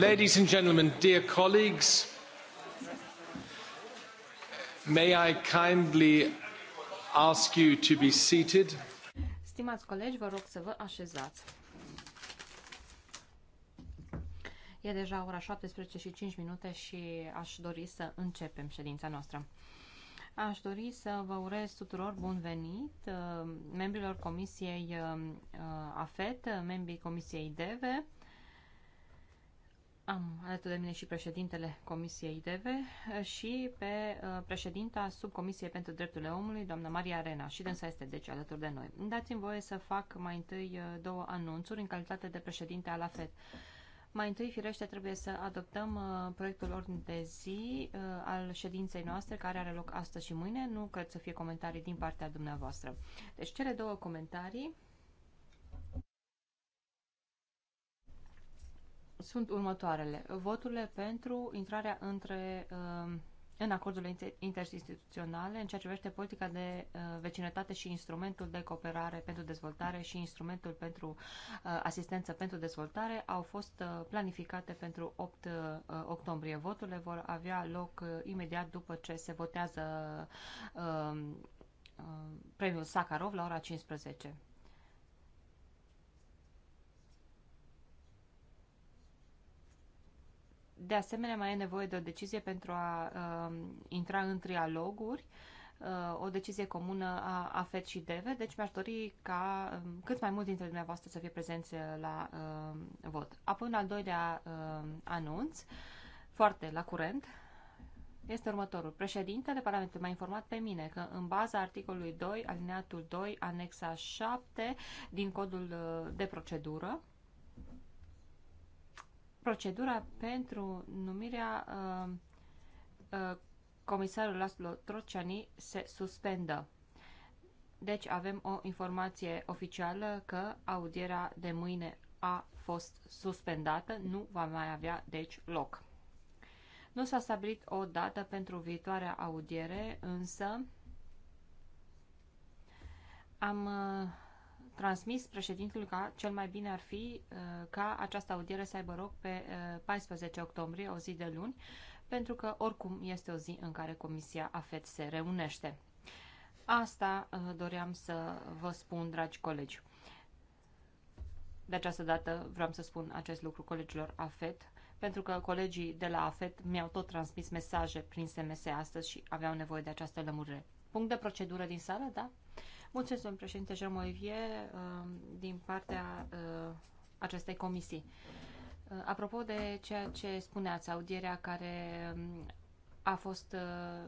Ladies and gentlemen, dear colleagues, may I kindly ask you to be seated? Stimați colegi, vă rog să vă așezați. E deja ora 17 și 5 minute și aș dori să începem ședința noastră. Aș dori să vă urez tuturor bun venit, uh, membrilor Comisiei uh, uh, AFET, membrii Comisiei DEVE, am alături de mine și președintele Comisiei DV și pe uh, președinta Subcomisiei pentru Drepturile Omului, doamna Maria Arena, și dânsa este deci alături de noi. Dați-mi voie să fac mai întâi uh, două anunțuri în calitate de președinte al AFET. Mai întâi, firește, trebuie să adoptăm uh, proiectul ordine de zi al ședinței noastre, care are loc astăzi și mâine. Nu cred să fie comentarii din partea dumneavoastră. Deci, cele două comentarii sunt următoarele. Voturile pentru intrarea între, um, în acordurile interinstituționale în ceea ce privește politica de uh, vecinătate și instrumentul de cooperare pentru dezvoltare și instrumentul pentru uh, asistență pentru dezvoltare au fost uh, planificate pentru 8 octombrie. Voturile vor avea loc imediat după ce se votează um, premiul Sakharov la ora 15. De asemenea, mai e nevoie de o decizie pentru a uh, intra în trialoguri, uh, o decizie comună a Fed și DEVE, deci mi-aș dori ca uh, cât mai mulți dintre dumneavoastră să fie prezenți uh, la uh, vot. Apoi, un al doilea uh, anunț, foarte la curent, este următorul. Președintele Parlamentului m-a informat pe mine că în baza articolului 2, alineatul 2, anexa 7 din codul uh, de procedură, procedura pentru numirea uh, uh, comisarului Laszlo Trociani se suspendă. Deci avem o informație oficială că audierea de mâine a fost suspendată, nu va mai avea deci loc. Nu s-a stabilit o dată pentru viitoarea audiere, însă am uh, transmis președintelui că cel mai bine ar fi uh, ca această audiere să aibă loc pe 14 uh, octombrie, o zi de luni, pentru că oricum este o zi în care Comisia AFET se reunește. Asta uh, doream să vă spun, dragi colegi. De această dată vreau să spun acest lucru colegilor AFET, pentru că colegii de la AFET mi-au tot transmis mesaje prin SMS astăzi și aveau nevoie de această lămurire. Punct de procedură din sală, da? Uh, Mulțumesc, domnul președinte Jermoivie, um, din partea uh, acestei comisii. Uh, apropo de ceea ce spuneați, audierea care um, a fost uh,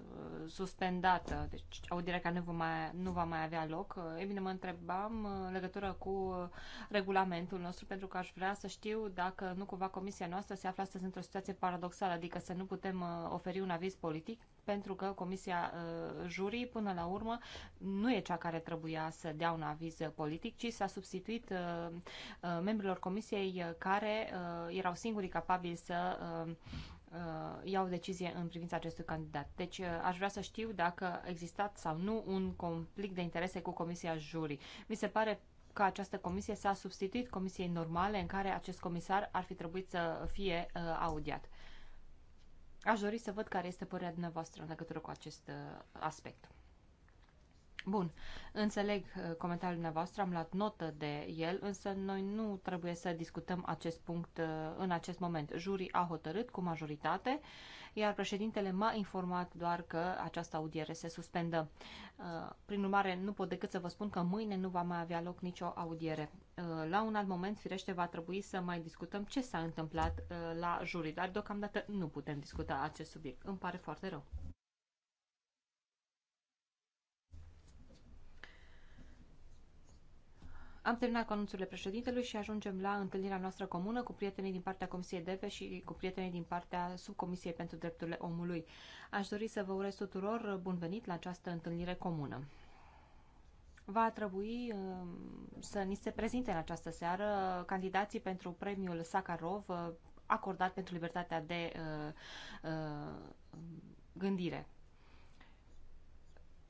suspendată, deci audierea care nu mai, nu va mai avea loc. Uh, e bine, mă întrebam uh, legătură cu uh, regulamentul nostru, pentru că aș vrea să știu dacă nu cumva comisia noastră se află astăzi într-o situație paradoxală, adică să nu putem uh, oferi un aviz politic, pentru că comisia uh, jurii, până la urmă, nu e cea care trebuia să dea un aviz politic, ci s-a substituit uh, membrilor comisiei care erau singurii capabili să Uh, iau decizie în privința acestui candidat. Deci uh, aș vrea să știu dacă a existat sau nu un conflict de interese cu Comisia Jurii. Mi se pare că această comisie s-a substituit comisiei normale în care acest comisar ar fi trebuit să fie uh, audiat. Aș dori să văd care este părerea dumneavoastră în legătură cu acest uh, aspect. Bun, înțeleg uh, comentariul dumneavoastră, am luat notă de el, însă noi nu trebuie să discutăm acest punct uh, în acest moment. Jurii a hotărât cu majoritate, iar președintele m-a informat doar că această audiere se suspendă. Uh, prin urmare, nu pot decât să vă spun că mâine nu va mai avea loc nicio audiere. La un alt moment, firește, va trebui să mai discutăm ce s-a întâmplat la jurii, dar deocamdată nu putem discuta acest subiect. Îmi pare foarte rău. Am terminat cu anunțurile președintelui și ajungem la întâlnirea noastră comună cu prietenii din partea Comisiei DEVE și cu prietenii din partea Subcomisiei pentru Drepturile Omului. Aș dori să vă urez tuturor bun venit la această întâlnire comună. Va trebui um, să ni se prezinte în această seară candidații pentru premiul Sakharov uh, acordat pentru libertatea de uh, uh, gândire.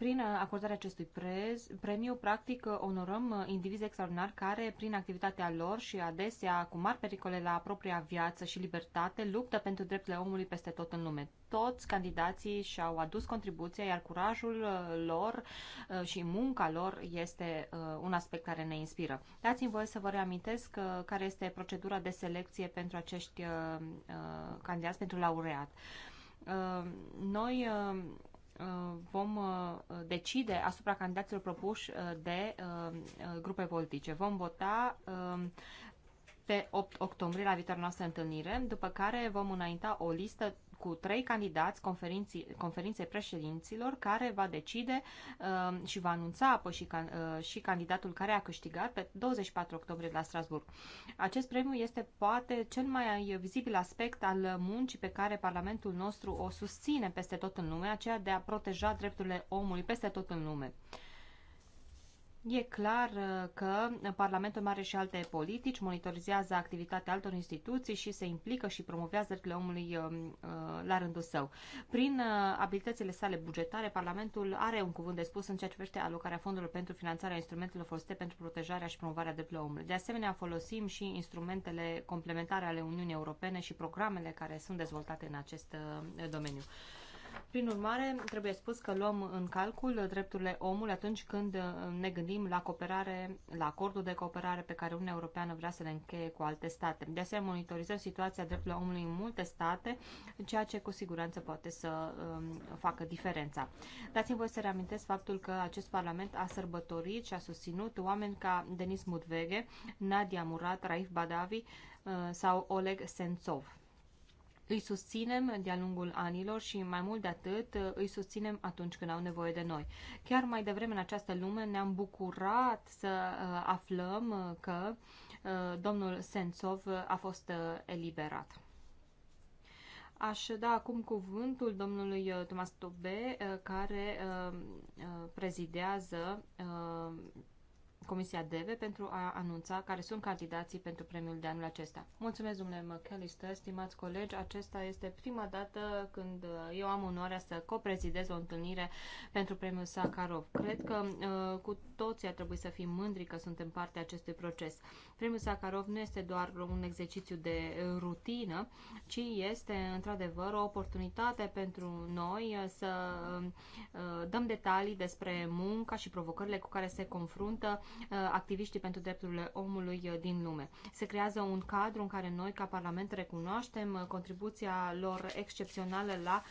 Prin acordarea acestui prez, premiu, practic, onorăm uh, indivizi extraordinari care, prin activitatea lor și adesea cu mari pericole la propria viață și libertate, luptă pentru drepturile omului peste tot în lume. Toți candidații și-au adus contribuția, iar curajul uh, lor uh, și munca lor este un aspect care ne inspiră. Dați-mi voie să vă reamintesc care este procedura de selecție pentru acești candidați pentru laureat. Noi Uh, vom uh, decide asupra candidaților propuși uh, de grupe politice. Vom vota um, pe 8 octombrie la viitoarea noastră întâlnire, după care vom înainta o listă cu trei candidați conferinței președinților care va decide uh, și va anunța apoi și, uh, și candidatul care a câștigat pe 24 octombrie la Strasburg. Acest premiu este poate cel mai vizibil aspect al muncii pe care Parlamentul nostru o susține peste tot în lume, aceea de a proteja drepturile omului peste tot în lume. Uh, E clar uh, că Parlamentul are și alte politici, monitorizează activitatea altor instituții și se implică și promovează drepturile omului um, uh, la rândul său. Prin uh, abilitățile sale bugetare, Parlamentul are un cuvânt de spus în ceea ce privește alocarea fondurilor pentru finanțarea instrumentelor folosite pentru protejarea și promovarea drepturilor omului. De asemenea, folosim și instrumentele complementare ale Uniunii Europene și programele care sunt dezvoltate în acest domeniu. Prin urmare, trebuie spus că luăm în calcul drepturile omului atunci când uh, ne gândim la cooperare, la acordul de cooperare pe care Uniunea Europeană vrea să le încheie cu alte state. De asemenea, monitorizăm situația drepturilor omului în multe state, ceea ce cu siguranță poate să um, facă diferența. Dați-mi voi să reamintesc faptul că acest Parlament a sărbătorit și a susținut oameni ca Denis Mudvege, Nadia Murat, Raif Badavi uh, sau Oleg Sentsov. Îi susținem de-a lungul anilor și mai mult de atât îi susținem atunci când au nevoie de noi. Chiar mai devreme în această lume ne-am bucurat să uh, aflăm uh, că uh, domnul Sensov a fost eliberat. Aș da acum cuvântul domnului Tomas Tobe, care prezidează Comisia DEVE pentru a anunța care sunt candidații pentru premiul de anul acesta. Mulțumesc, domnule McAllister, stimați colegi, acesta este prima dată când uh, eu am onoarea să coprezidez o întâlnire pentru premiul Sakharov. Cred că uh, cu toții ar trebui să fim mândri că suntem parte a acestui proces. Premiul Sakharov nu este doar un exercițiu de rutină, ci este într-adevăr o oportunitate pentru noi uh, să uh, dăm detalii despre munca și provocările cu care se confruntă uh, activiștii pentru drepturile omului din lume. Se creează un cadru în care noi, ca Parlament, recunoaștem contribuția lor excepțională la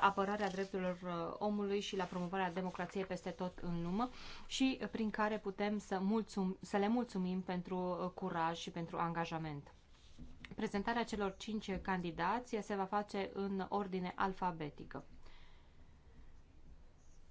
apărarea drepturilor omului și la promovarea democrației peste tot în lume și prin care putem să, mulțum, să le mulțumim pentru curaj și pentru angajament. Prezentarea celor cinci candidați se va face în ordine alfabetică.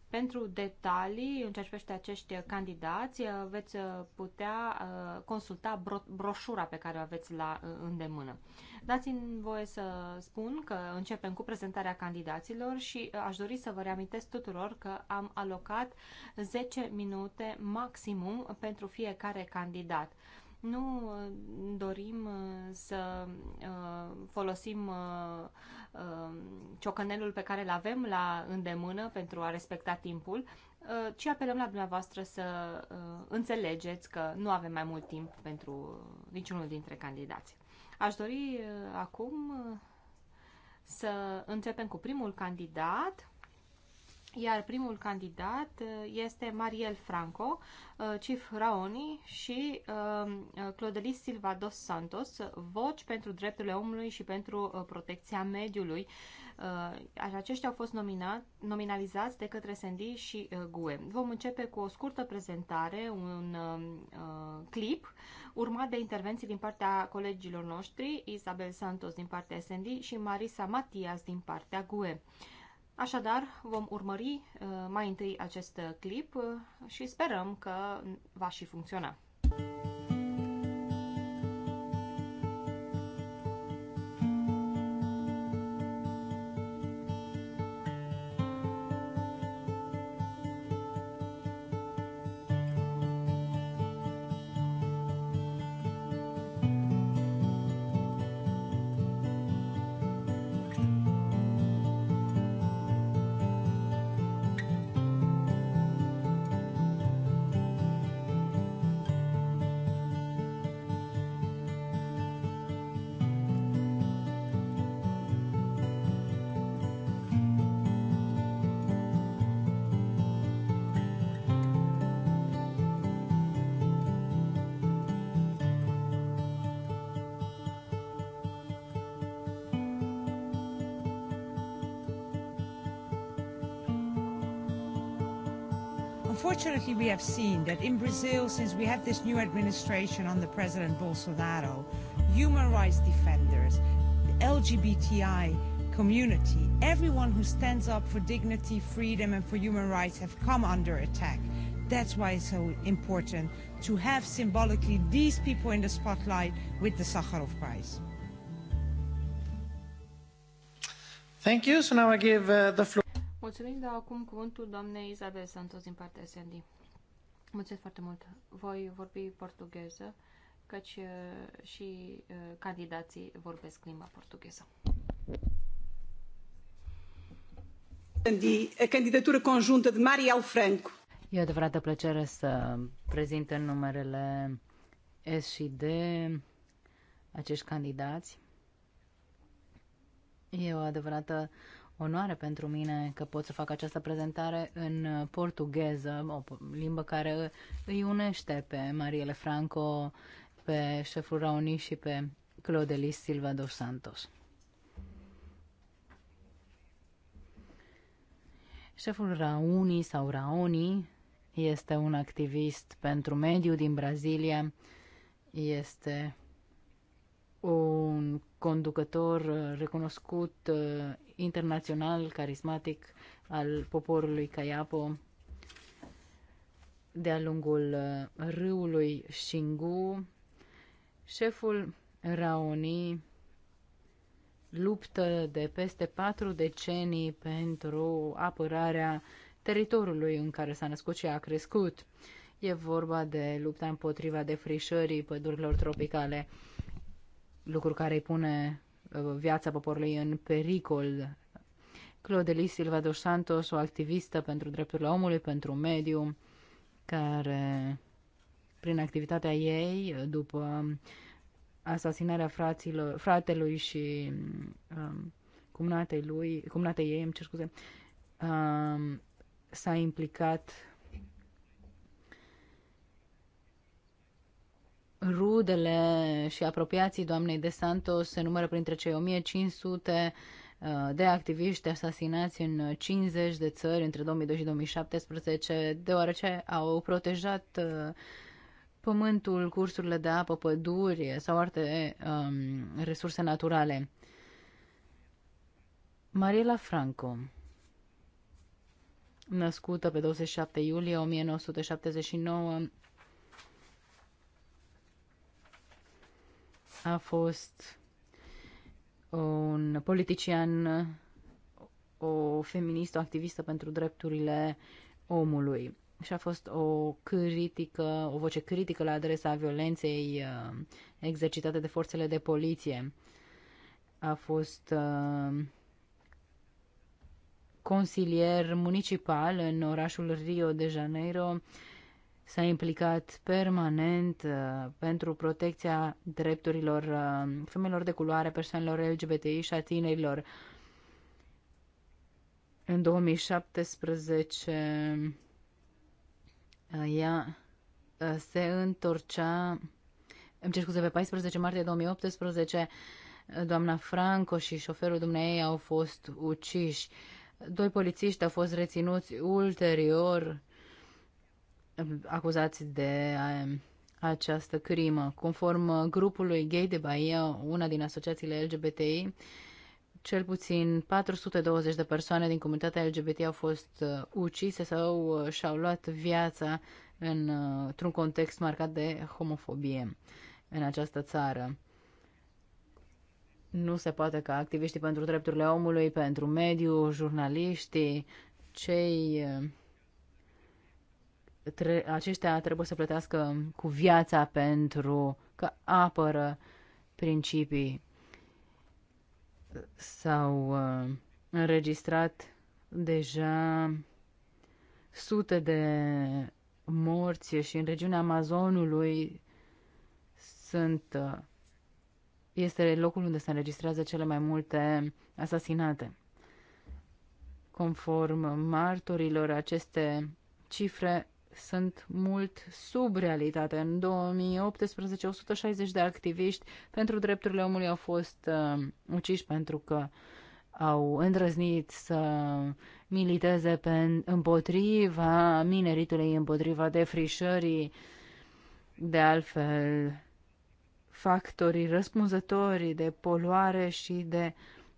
Pentru detalii în ceea ce privește acești candidați, veți putea uh, consulta bro broșura pe care o aveți la uh, îndemână. Dați-mi voie să spun că începem cu prezentarea candidaților și uh, aș dori să vă reamintesc tuturor că am alocat 10 minute maximum pentru fiecare candidat. Nu uh, dorim uh, să uh, folosim ciocanelul pe care îl avem la îndemână pentru a respecta timpul, ci apelăm la dumneavoastră să înțelegeți că nu avem mai mult timp pentru niciunul dintre candidați. Aș dori acum să începem cu primul candidat, iar primul candidat uh, este Mariel Franco, uh, Chief Raoni și uh, Clodelis Silva dos Santos, voci pentru drepturile omului și pentru protecția mediului. Aceștia au fost nominat, nominalizați de către Sandy și GUE. Vom începe cu o scurtă prezentare, un clip, urmat de intervenții din partea colegilor noștri, Isabel Santos din partea Sendi și Marisa Matias din partea GUE. Așadar, vom urmări uh, mai întâi acest clip uh, și sperăm că va și funcționa. we have seen that in Brazil, since we have this new administration under President Bolsonaro, human rights defenders, the LGBTI community, everyone who stands up for dignity, freedom, and for human rights have come under attack. That's why it's so important to have symbolically these people in the spotlight with the Sakharov Prize. Thank you. So now I give uh, the floor. Mulțumim, dar acum cuvântul doamnei Isabel Santos din partea SND. Mulțumesc foarte mult. Voi vorbi portugheză, căci uh, și uh, candidații vorbesc limba portugheză. Candidatura conjuntă de Mariel Franco. E o adevărată plăcere să prezint în numerele S și D acești candidați. E o adevărată onoare pentru mine că pot să fac această prezentare în portugheză, o limbă care îi unește pe Mariele Franco, pe șeful Raoni și pe Clodelis Silva dos Santos. Șeful Raoni sau Raoni este un activist pentru mediu din Brazilia, este un conducător recunoscut internațional carismatic al poporului Kayapo de-a lungul uh, râului Shingu. Șeful Raoni luptă de peste patru decenii pentru apărarea teritoriului în care s-a născut și a crescut. E vorba de lupta împotriva defrișării pădurilor tropicale, lucru care îi pune Uh, viața poporului în pericol. Clodelis Silva dos Santos, o activistă pentru drepturile omului, pentru mediu, care prin activitatea ei, după asasinarea fraților, fratelui și um, cumnatei lui, cumnatei ei, îmi cer scuze, um, s-a implicat Rudele și apropiații doamnei de Santos se numără printre cei 1500 uh, de activiști asasinați în 50 de țări între 2002 și 2017, deoarece au protejat uh, pământul, cursurile de apă, păduri sau alte um, resurse naturale. Mariela Franco, născută pe 27 iulie 1979 a fost un politician, o feministă, o activistă pentru drepturile omului. Și a fost o critică, o voce critică la adresa violenței uh, exercitate de forțele de poliție. A fost uh, consilier municipal în orașul Rio de Janeiro, s-a implicat permanent uh, pentru protecția drepturilor uh, femeilor de culoare, persoanelor LGBTI și a tinerilor. În 2017 uh, ea uh, se întorcea, îmi cer scuze, pe 14 martie 2018 uh, doamna Franco și șoferul dumneei au fost uciși. Doi polițiști au fost reținuți ulterior acuzați de um, această crimă. Conform grupului Gay de Bahia, una din asociațiile LGBTI, cel puțin 420 de persoane din comunitatea LGBT au fost uh, ucise sau uh, și-au luat viața în, uh, într-un context marcat de homofobie în această țară. Nu se poate ca activiștii pentru drepturile omului, pentru mediu, jurnaliștii, cei tre- aceștia trebuie să plătească cu viața pentru că apără principii. sau uh, înregistrat deja sute de morți și în regiunea Amazonului sunt, uh, este locul unde se înregistrează cele mai multe asasinate. Conform martorilor, aceste cifre sunt mult sub realitate. În 2018, 160 de activiști pentru drepturile omului au fost uh, uciși pentru că au îndrăznit să militeze pe, împotriva mineritului, împotriva defrișării. De altfel, factorii răspunzători de poluare și de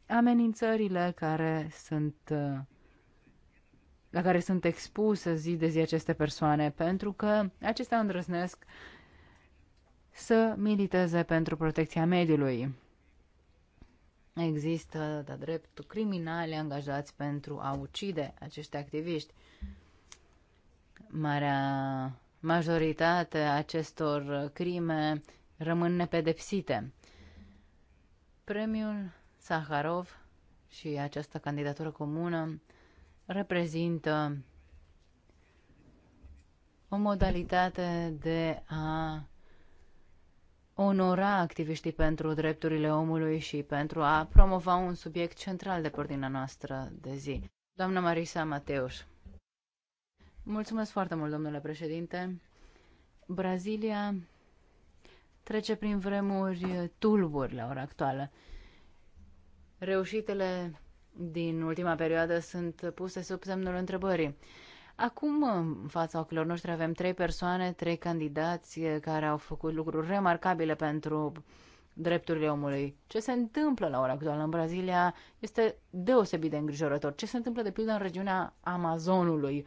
amenințările care sunt uh, la care sunt expuse zi de zi aceste persoane, pentru că acestea îndrăznesc să militeze pentru protecția mediului. Există, de drept, criminali angajați pentru a ucide acești activiști. Marea majoritate a acestor crime rămân nepedepsite. Premiul Saharov și această candidatură comună reprezintă o modalitate de a onora activiștii pentru drepturile omului și pentru a promova un subiect central de pe noastră de zi. Doamna Marisa Mateus. Mulțumesc foarte mult, domnule președinte. Brazilia trece prin vremuri tulburi la ora actuală. Reușitele din ultima perioadă sunt puse sub semnul întrebării. Acum, în fața ochilor noștri, avem trei persoane, trei candidați care au făcut lucruri remarcabile pentru drepturile omului. Ce se întâmplă la ora actuală în Brazilia este deosebit de îngrijorător. Ce se întâmplă, de pildă, în regiunea Amazonului?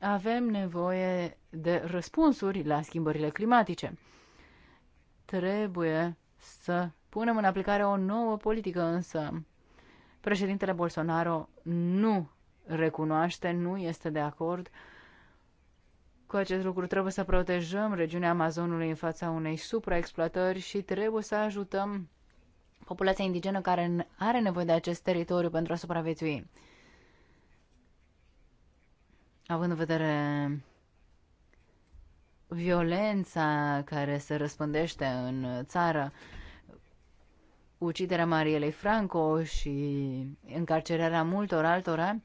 Avem nevoie de răspunsuri la schimbările climatice. Trebuie să punem în aplicare o nouă politică, însă Președintele Bolsonaro nu recunoaște, nu este de acord cu acest lucru. Trebuie să protejăm regiunea Amazonului în fața unei supraexploatări și trebuie să ajutăm populația indigenă care are nevoie de acest teritoriu pentru a supraviețui. Având în vedere violența care se răspândește în țară, uciderea Marielei Franco și încarcerarea multor altora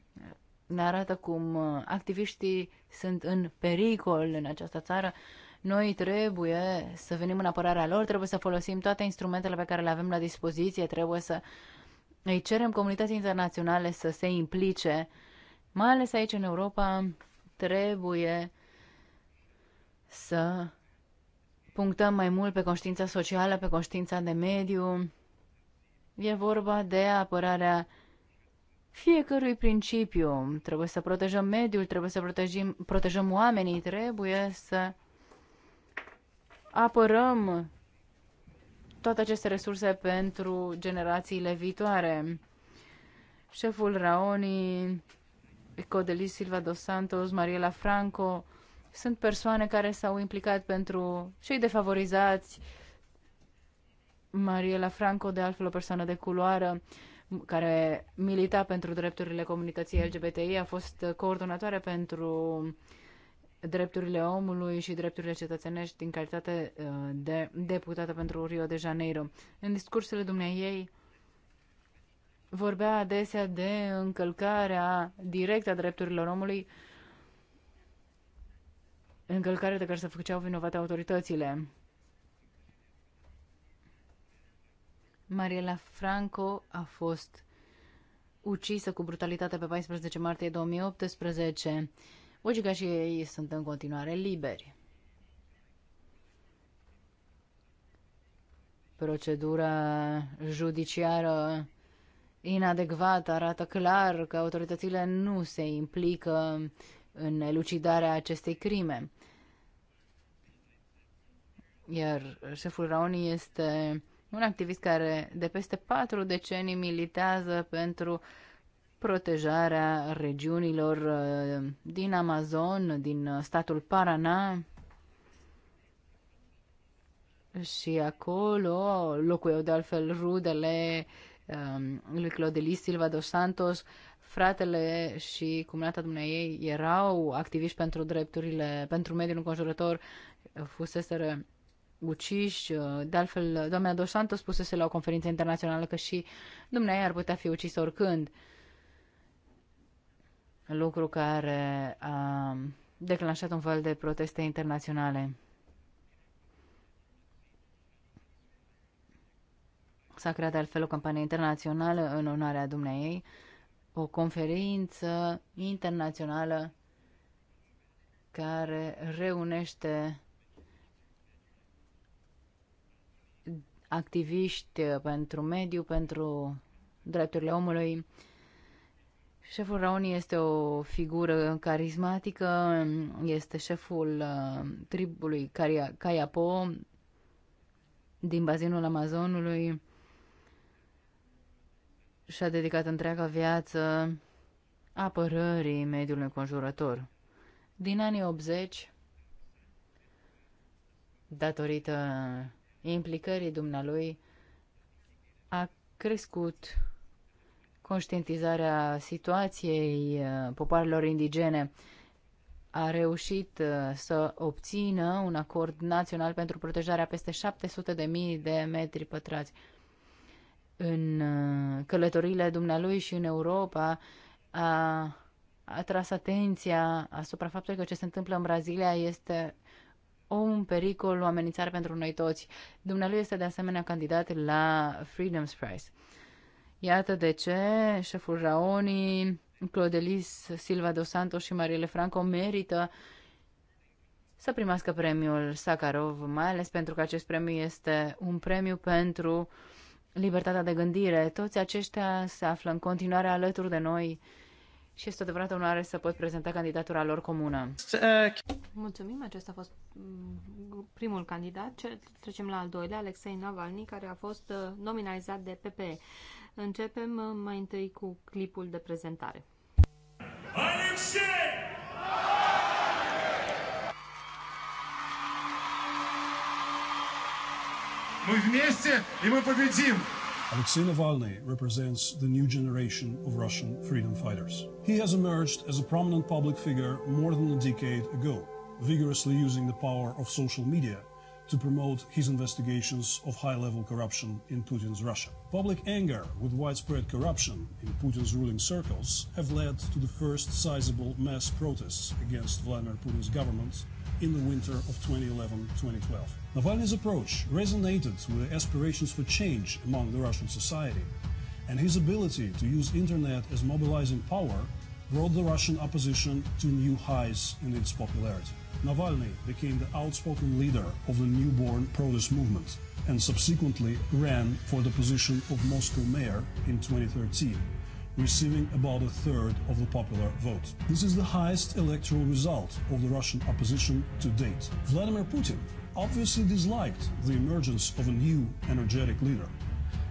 ne arată cum uh, activiștii sunt în pericol în această țară. Noi trebuie să venim în apărarea lor, trebuie să folosim toate instrumentele pe care le avem la dispoziție, trebuie să îi cerem comunității internaționale să se implice, mai ales aici în Europa, trebuie să punctăm mai mult pe conștiința socială, pe conștiința de mediu, E vorba de apărarea fiecărui principiu. Trebuie să protejăm mediul, trebuie să protejim, protejăm oamenii, trebuie să apărăm toate aceste resurse pentru generațiile viitoare. Șeful Raoni, Codelis Silva dos Santos, Mariela Franco, sunt persoane care s-au implicat pentru cei defavorizați, Mariela Franco, de altfel o persoană de culoare care milita pentru drepturile comunității LGBTI, a fost coordonatoare pentru drepturile omului și drepturile cetățenești din calitate uh, de deputată pentru Rio de Janeiro. În discursurile dumneiei vorbea adesea de încălcarea directă a drepturilor omului, încălcare de care se făceau vinovate autoritățile. Mariela Franco a fost ucisă cu brutalitate pe 14 martie 2018. Ucica și ei sunt în continuare liberi. Procedura judiciară inadecvată arată clar că autoritățile nu se implică în elucidarea acestei crime. Iar șeful Raoni este un activist care de peste patru decenii militează pentru protejarea regiunilor uh, din Amazon, din uh, statul Paraná. Și acolo locuiau de altfel rudele um, lui Clodelis Silva dos Santos, fratele și cumnata dumneai erau activiști pentru drepturile, pentru mediul înconjurător, fuseseră uciși. Uh, de altfel, doamna Dos Santos spusese la o conferință internațională că și dumneavoastră ar putea fi ucis oricând. Lucru care a declanșat un fel de proteste internaționale. S-a creat de altfel o campanie internațională în onoarea dumneavoastră o conferință internațională care reunește activiști uh, pentru mediu, pentru drepturile omului. Șeful Raoni este o figură carismatică, este șeful uh, tribului Kayapo din bazinul Amazonului și-a dedicat întreaga viață apărării mediului înconjurător. Din anii 80, datorită implicării dumnealui a crescut conștientizarea situației uh, popoarelor indigene. A reușit uh, să obțină un acord național pentru protejarea peste 700 de mii de metri pătrați. În uh, călătorile dumnealui și în Europa a atras atenția asupra faptului că ce se întâmplă în Brazilia este un pericol, o amenințare pentru noi toți. Dumnealui este de asemenea candidat la Freedom's Prize. Iată de ce șeful Raoni, Clodelis, Silva Dos Santos și Mariele Franco merită să primească premiul Sakharov, mai ales pentru că acest premiu este un premiu pentru libertatea de gândire. Toți aceștia se află în continuare alături de noi și este adevărat onoare să pot prezenta candidatura lor comună. Mulțumim, acesta a fost mm, primul candidat. Trecem la al doilea, Alexei Navalny, care a fost uh, nominalizat de PPE. Începem uh, mai întâi cu clipul de prezentare. Alexei! Мы вместе, и мы победим! Alexei Navalny represents the new generation of Russian freedom fighters. He has emerged as a prominent public figure more than a decade ago, vigorously using the power of social media to promote his investigations of high level corruption in Putin's Russia. Public anger with widespread corruption in Putin's ruling circles have led to the first sizable mass protests against Vladimir Putin's government in the winter of 2011 2012. Navalny's approach resonated with aspirations for change among the Russian society, and his ability to use internet as mobilizing power brought the Russian opposition to new highs in its popularity. Navalny became the outspoken leader of the newborn protest movement and subsequently ran for the position of Moscow mayor in 2013, receiving about a third of the popular vote. This is the highest electoral result of the Russian opposition to date. Vladimir Putin obviously disliked the emergence of a new energetic leader,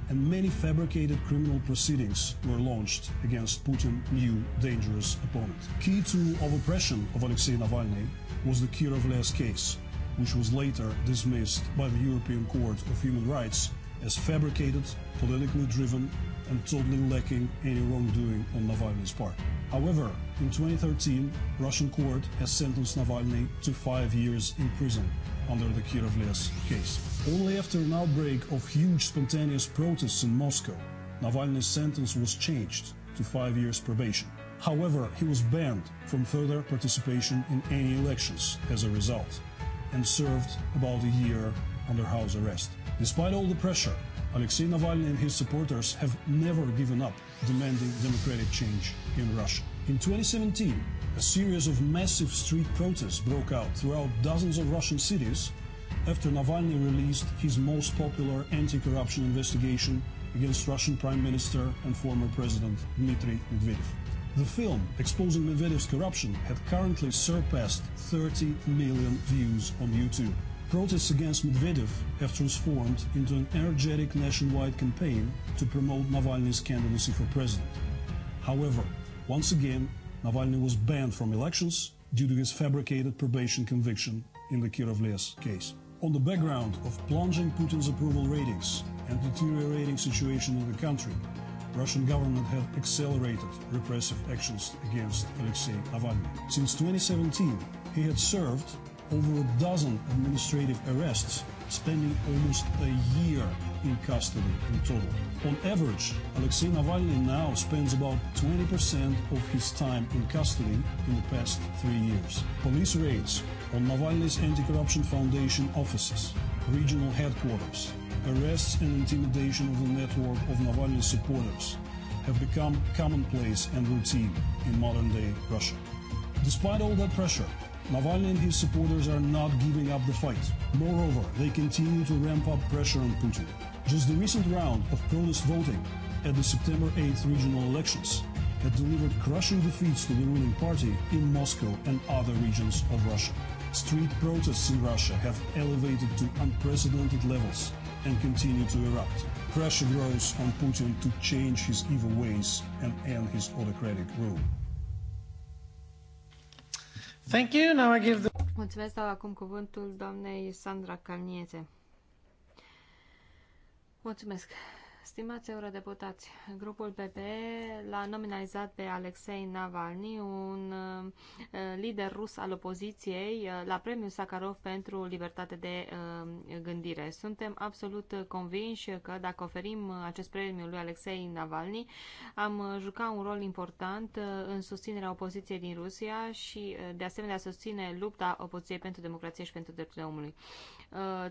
and many fabricated criminal proceedings were launched against Putin's new dangerous opponent. Key to of oppression of Alexei Navalny was the Kirovles case, which was later dismissed by the European Court of Human Rights as fabricated, politically driven and totally lacking any wrongdoing on Navalny's part. However, in 2013, Russian court has sentenced Navalny to five years in prison under the Kirovlias case. Only after an outbreak of huge spontaneous protests in Moscow, Navalny's sentence was changed to five years probation. However, he was banned from further participation in any elections as a result and served about a year under house arrest. Despite all the pressure, Alexei Navalny and his supporters have never given up demanding democratic change in Russia. In 2017, a series of massive street protests broke out throughout dozens of Russian cities after Navalny released his most popular anti-corruption investigation against Russian Prime Minister and former President Dmitry Medvedev. The film exposing Medvedev's corruption had currently surpassed 30 million views on YouTube. Protests against Medvedev have transformed into an energetic nationwide campaign to promote Navalny's candidacy for president. However, once again, Navalny was banned from elections due to his fabricated probation conviction in the Kirovles case. On the background of plunging Putin's approval ratings and deteriorating situation in the country, Russian government had accelerated repressive actions against Alexei Navalny. Since 2017, he had served over a dozen administrative arrests, spending almost a year in custody in total. On average, Alexei Navalny now spends about 20% of his time in custody in the past three years. Police raids on Navalny's Anti-Corruption Foundation offices, regional headquarters, arrests and intimidation of the network of Navalny supporters have become commonplace and routine in modern-day Russia. Despite all that pressure, Navalny and his supporters are not giving up the fight. Moreover, they continue to ramp up pressure on Putin. Just the recent round of protest voting at the September 8th regional elections had delivered crushing defeats to the ruling party in Moscow and other regions of Russia. Street protests in Russia have elevated to unprecedented levels and continue to erupt. Pressure grows on Putin to change his evil ways and end his autocratic rule. Thank you. Now I give the... Mulțumesc, dau acum cuvântul doamnei Sandra Calniete. Mulțumesc. Stimați eurodeputați, grupul PPE l-a nominalizat pe Alexei Navalny, un uh, lider rus al opoziției, uh, la premiul Sakharov pentru libertate de uh, gândire. Suntem absolut convinși că dacă oferim acest premiu lui Alexei Navalny, am juca un rol important în susținerea opoziției din Rusia și de asemenea susține lupta opoziției pentru democrație și pentru drepturile omului.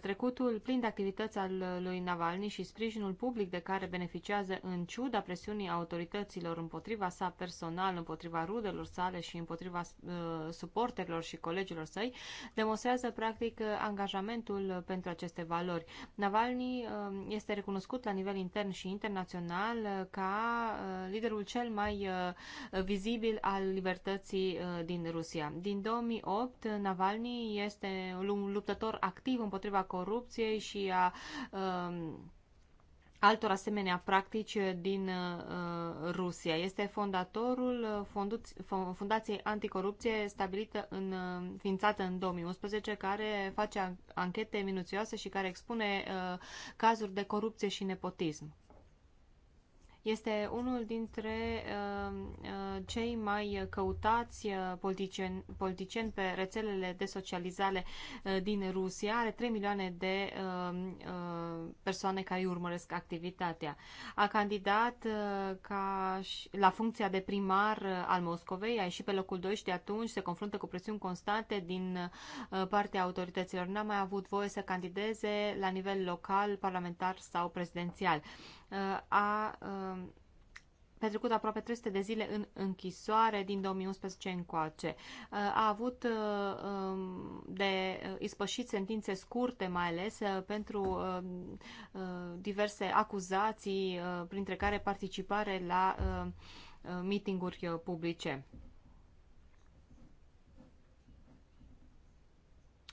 Trecutul plin de activități al lui Navalny și sprijinul public de de care beneficiază în ciuda presiunii autorităților împotriva sa personal, împotriva rudelor sale și împotriva uh, suporterilor și colegilor săi, demonstrează practic angajamentul pentru aceste valori. Navalny uh, este recunoscut la nivel intern și internațional uh, ca uh, liderul cel mai uh, vizibil al libertății uh, din Rusia. Din 2008, Navalny este un luptător activ împotriva corupției și a uh, altor asemenea practici din uh, Rusia. Este fondatorul uh, Fundației Anticorupție stabilită în, uh, ființată în 2011, care face anchete minuțioase și care expune cazuri de corupție și nepotism. Este unul dintre uh, uh, cei mai căutați uh, politicieni, politicien pe rețelele de socializare din Rusia. Are 3 milioane de persoane care îi urmăresc activitatea. A candidat ca la funcția de primar al Moscovei, a ieșit pe locul 2 și de atunci se confruntă cu presiuni constante din partea autorităților. N-a mai avut voie să candideze la nivel local, parlamentar sau prezidențial. Uh, a uh, petrecut aproape 300 de zile în închisoare din 2011 încoace. Uh, a avut um, de ispășit sentințe scurte, mai ales pentru diverse acuzații, printre care participare la mitinguri publice.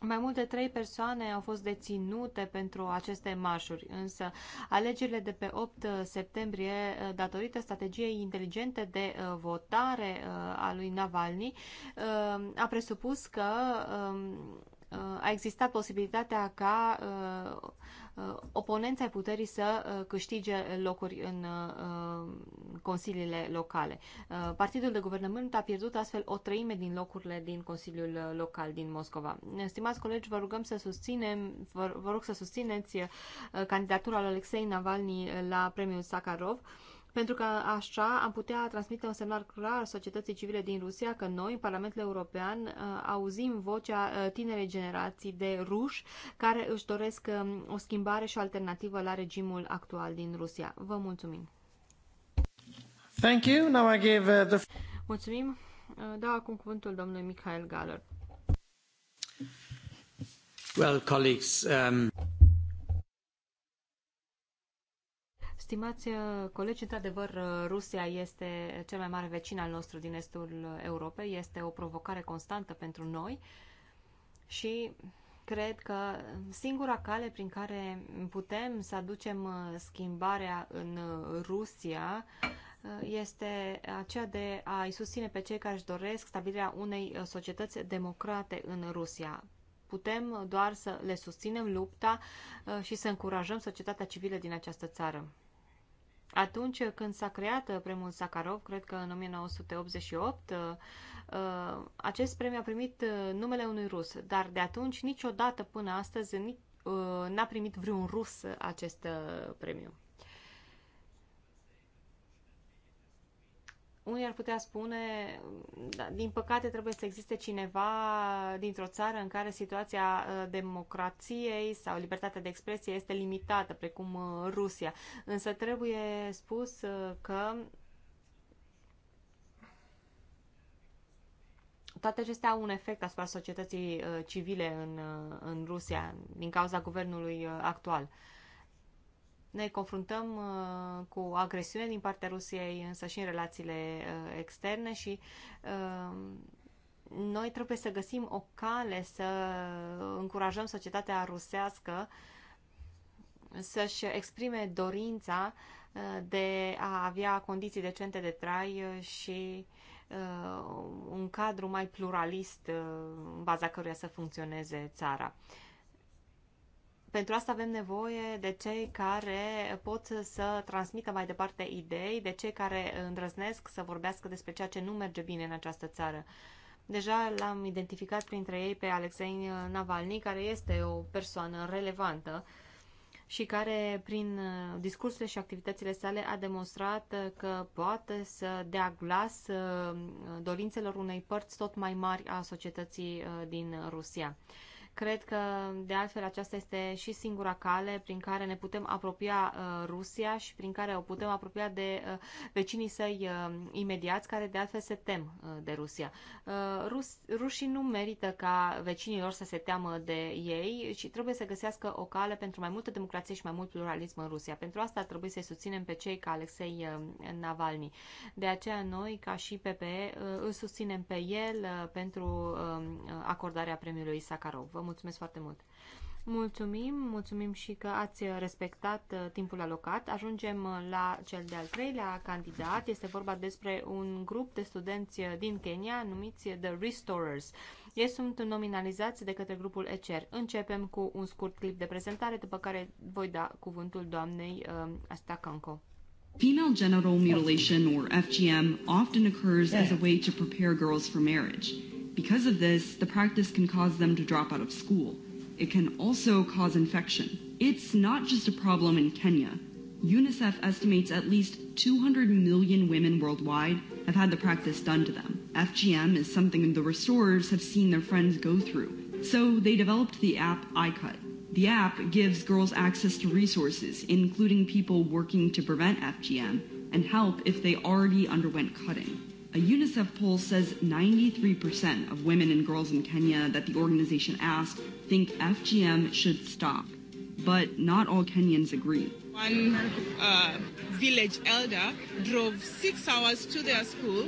Mai mult de trei persoane au fost deținute pentru aceste marșuri, însă alegerile de pe 8 septembrie, eh, datorită strategiei inteligente de eh, votare eh, a lui Navalny, a presupus că a existat posibilitatea ca Uh, oponenți ai puterii să uh, câștige locuri în uh, consiliile locale. Partidul de guvernământ a pierdut astfel o treime din locurile din Consiliul Local din Moscova. Stimați colegi, vă rugăm să susținem, vă, vă rog să susțineți candidatura lui Alexei Navalny la premiul Sakharov pentru că așa am putea transmite un semnal clar societății civile din Rusia că noi, în Parlamentul European, uh, auzim vocea uh, tinerei generații de ruși care își doresc um, o schimbare și o alternativă la regimul actual din Rusia. Vă mulțumim! Thank you. Now I give uh, the... Mulțumim! Dau acum cuvântul domnului Michael Galler. Well, colleagues, um... Stimați uh, colegi, într-adevăr, uh, Rusia este cel mai mare vecin al nostru din estul Europei, este o provocare constantă pentru noi și cred că singura cale prin care putem să aducem uh, schimbarea în Rusia este aceea de a-i susține pe cei care își doresc stabilirea unei societăți democrate în Rusia. Putem doar să le susținem lupta și să încurajăm societatea civilă din această țară. Atunci când s-a creat uh, premiul Sakharov, cred că în 1988, uh, uh, acest premiu a primit numele unui rus, dar de atunci niciodată până astăzi n-a primit vreun rus acest premiu. unii ar putea spune, da, din păcate trebuie să existe cineva dintr-o țară în care situația uh, democrației sau libertatea de expresie este limitată, precum uh, Rusia. Însă trebuie spus uh, că toate acestea au un efect asupra societății civile în, în Rusia din cauza guvernului actual. Uh, ne confruntăm uh, cu agresiune din partea Rusiei, însă și în relațiile uh, externe și uh, noi trebuie să găsim o cale să încurajăm societatea rusească să-și exprime dorința de a avea condiții decente de trai și un cadru mai pluralist în baza căruia să funcționeze țara. Pentru asta avem nevoie de cei care pot să transmită mai departe idei, de cei care îndrăznesc să vorbească despre ceea ce nu merge bine în această țară. Deja l-am identificat printre ei pe Alexei Navalny, care este o persoană relevantă și care, prin discursurile și activitățile sale, a demonstrat că poate să dea glas uh, dorințelor unei părți tot mai mari a societății uh, din Rusia. Cred că, de altfel, aceasta este și singura cale prin care ne putem apropia uh, Rusia și prin care o putem apropia de uh, vecinii săi uh, imediați, care, de altfel, se tem de Rusia. Rus, rușii nu merită ca vecinilor să se teamă de ei și trebuie să găsească o cale pentru mai multă democrație și mai mult pluralism în Rusia. Pentru asta trebuie să-i susținem pe cei ca Alexei Navalny. De aceea noi, ca și PPE, îl susținem pe el pentru acordarea premiului Sakharov. Vă mulțumesc foarte mult! Mulțumim, mulțumim și că ați respectat uh, timpul alocat. Ajungem uh, la cel de-al treilea candidat. Este vorba despre un grup de studenți uh, din Kenya numiți The Restorers. Ei sunt nominalizați de către grupul ECR. Începem cu un scurt clip de prezentare, după care voi da cuvântul doamnei asta Kanko. Female genital mutilation, or FGM, often occurs as a way to prepare girls for marriage. Because of this, the practice can cause them to drop out of school. It can also cause infection. It's not just a problem in Kenya. UNICEF estimates at least 200 million women worldwide have had the practice done to them. FGM is something the restorers have seen their friends go through, so they developed the app iCut. The app gives girls access to resources, including people working to prevent FGM, and help if they already underwent cutting. A UNICEF poll says 93% of women and girls in Kenya that the organization asked think FGM should stop. But not all Kenyans agree. One uh, village elder drove six hours to their school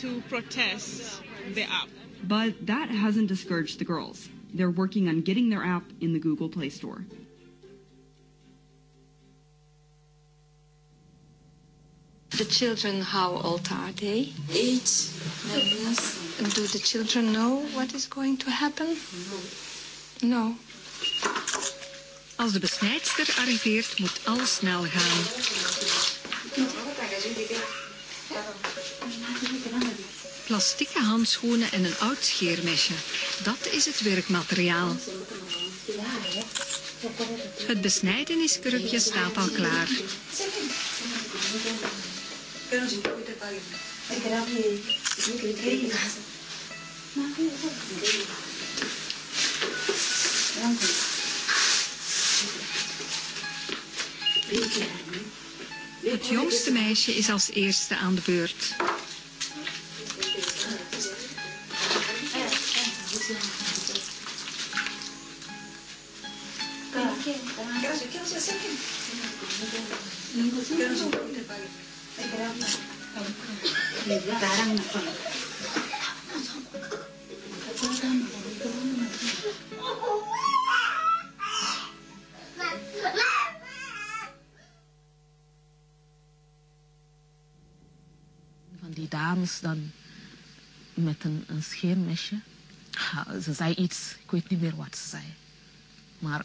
to protest the app. But that hasn't discouraged the girls. They're working on getting their app in the Google Play Store. The children, how old are they? Eight. Do the children know what is going to happen? No. no. Als de besnijdster arriveert, moet alles snel gaan. Plastieke handschoenen en een oud scheermesje. Dat is het werkmateriaal. Het besnijdeniskrukje staat al klaar. Pero si te uite pa gina. Ay, que rabia. Sí, que te gina. Mami, eso es que gina. Rambo. Het jongste meisje is als eerste aan de beurt. Gracias, quiero ser cerca. Van die dames dan met een, een scheermesje. Ze zei iets, ik weet niet meer wat ze zei. Maar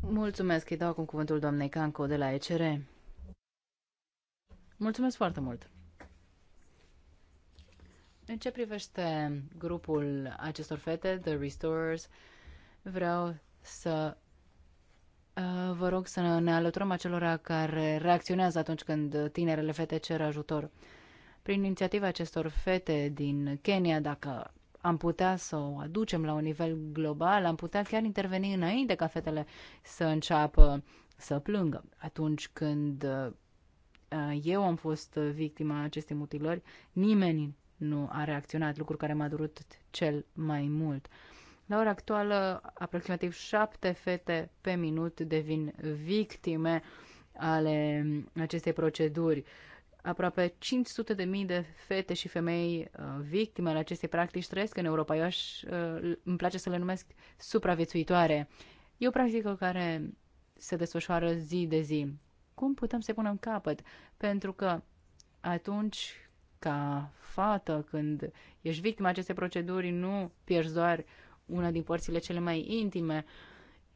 Mulțumesc, îi dau acum cuvântul doamnei Canco de la ECR. Mulțumesc foarte mult! În ce privește grupul acestor fete, The Restorers, vreau să uh, vă rog să ne alăturăm acelora care reacționează atunci când tinerele fete cer ajutor. Prin inițiativa acestor fete din Kenya, dacă am putea să o aducem la un nivel global, am putea chiar interveni înainte ca fetele să înceapă să plângă. Atunci când uh, eu am fost victima acestei mutilări, nimeni nu a reacționat, lucru care m-a durut cel mai mult. La ora actuală, aproximativ șapte fete pe minut devin victime ale acestei proceduri. Uh, Aproape 500 de mii de fete și femei uh, victime ale acestei practici trăiesc în Europa. Eu aș, uh, îmi place să le numesc supraviețuitoare. E o practică care se desfășoară zi de zi. Cum putem să-i punem capăt? Pentru că atunci ca fată, când ești victima acestei proceduri, nu pierzi doar una din părțile cele mai intime,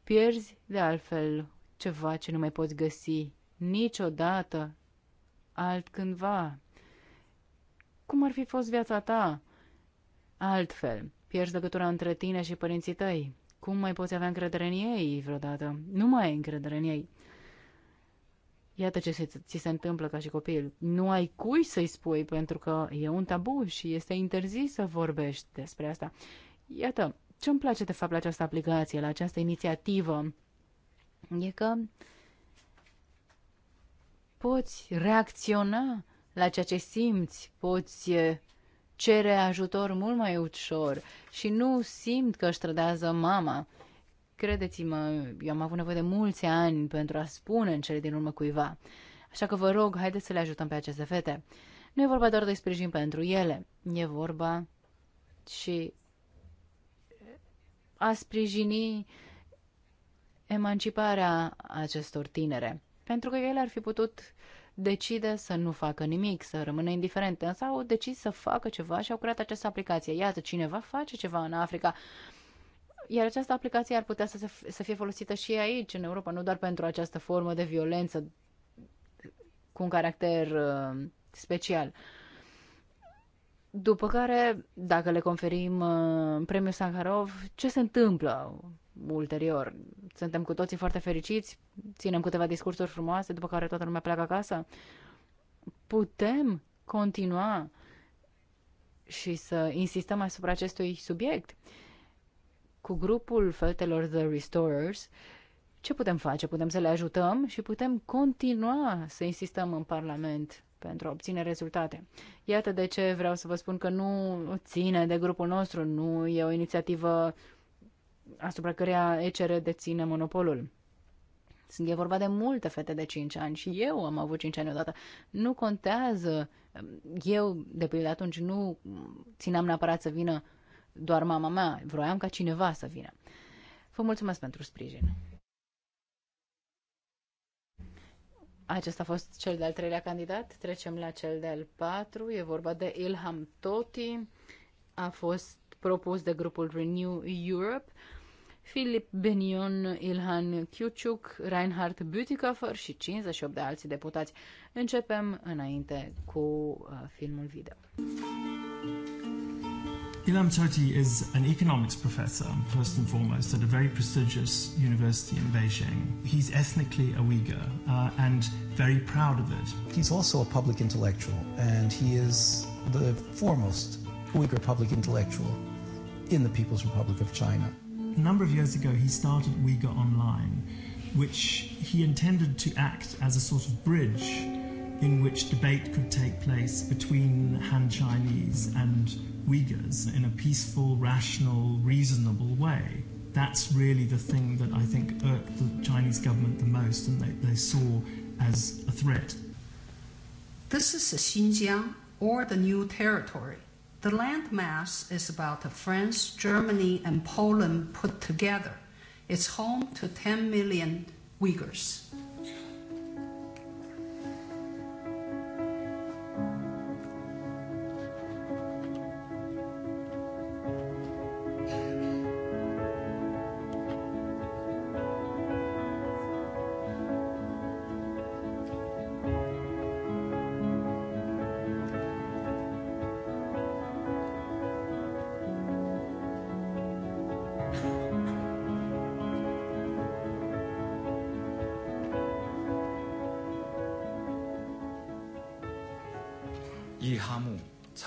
pierzi de altfel ceva ce nu mai poți găsi niciodată altcândva. Cum ar fi fost viața ta? Altfel, pierzi legătura între tine și părinții tăi. Cum mai poți avea încredere în ei vreodată? Nu mai ai încredere în ei. Iată ce se, ți se întâmplă ca și copil. Nu ai cui să-i spui pentru că e un tabu și este interzis să vorbești despre asta. Iată, ce îmi place de fapt la această aplicație, la această inițiativă, e că poți reacționa la ceea ce simți, poți cere ajutor mult mai ușor și nu simt că își trădează mama. Credeți-mă, eu am avut nevoie de mulți ani pentru a spune în cele din urmă cuiva. Așa că vă rog, haideți să le ajutăm pe aceste fete. Nu e vorba doar de sprijin pentru ele, e vorba și a sprijini emanciparea acestor tinere pentru că el ar fi putut decide să nu facă nimic, să rămână indiferent, însă au decis să facă ceva și au creat această aplicație. Iată, cineva face ceva în Africa. Iar această aplicație ar putea să, se, să fie folosită și aici, în Europa, nu doar pentru această formă de violență cu un caracter uh, special. După care, dacă le conferim uh, premiul Sakharov, ce se întâmplă? ulterior. Suntem cu toții foarte fericiți, ținem câteva discursuri frumoase, după care toată lumea pleacă acasă. Putem continua și să insistăm asupra acestui subiect. Cu grupul fetelor The Restorers, ce putem face? Putem să le ajutăm și putem continua să insistăm în Parlament pentru a obține rezultate. Iată de ce vreau să vă spun că nu ține de grupul nostru, nu e o inițiativă asupra căreia ECR deține monopolul. E vorba de multe fete de 5 ani și eu am avut 5 ani odată. Nu contează. Eu, de pildă, atunci nu țineam neapărat să vină doar mama mea. Vroiam ca cineva să vină. Vă mulțumesc pentru sprijin. Acesta a fost cel de-al treilea candidat. Trecem la cel de-al patru. E vorba de Ilham Toti. A fost propus de grupul Renew Europe. Filip Benion, Ilhan Chiuciuc, Reinhard Bütikofer și 58 de alți deputați. Începem înainte cu uh, filmul video. Ilham Toti is an economics professor, first and foremost, at a very prestigious university in Beijing. He's ethnically a Uyghur uh, and very proud of it. He's also a public intellectual, and he is the foremost Uyghur public intellectual in the People's Republic of China a number of years ago, he started We Got Online, which he intended to act as a sort of bridge in which debate could take place between Han Chinese and Uyghurs in a peaceful, rational, reasonable way. That's really the thing that I think irked the Chinese government the most and they, they saw as a threat. This is Xinjiang or the new territory. The land mass is about France, Germany, and Poland put together. It's home to 10 million Uyghurs.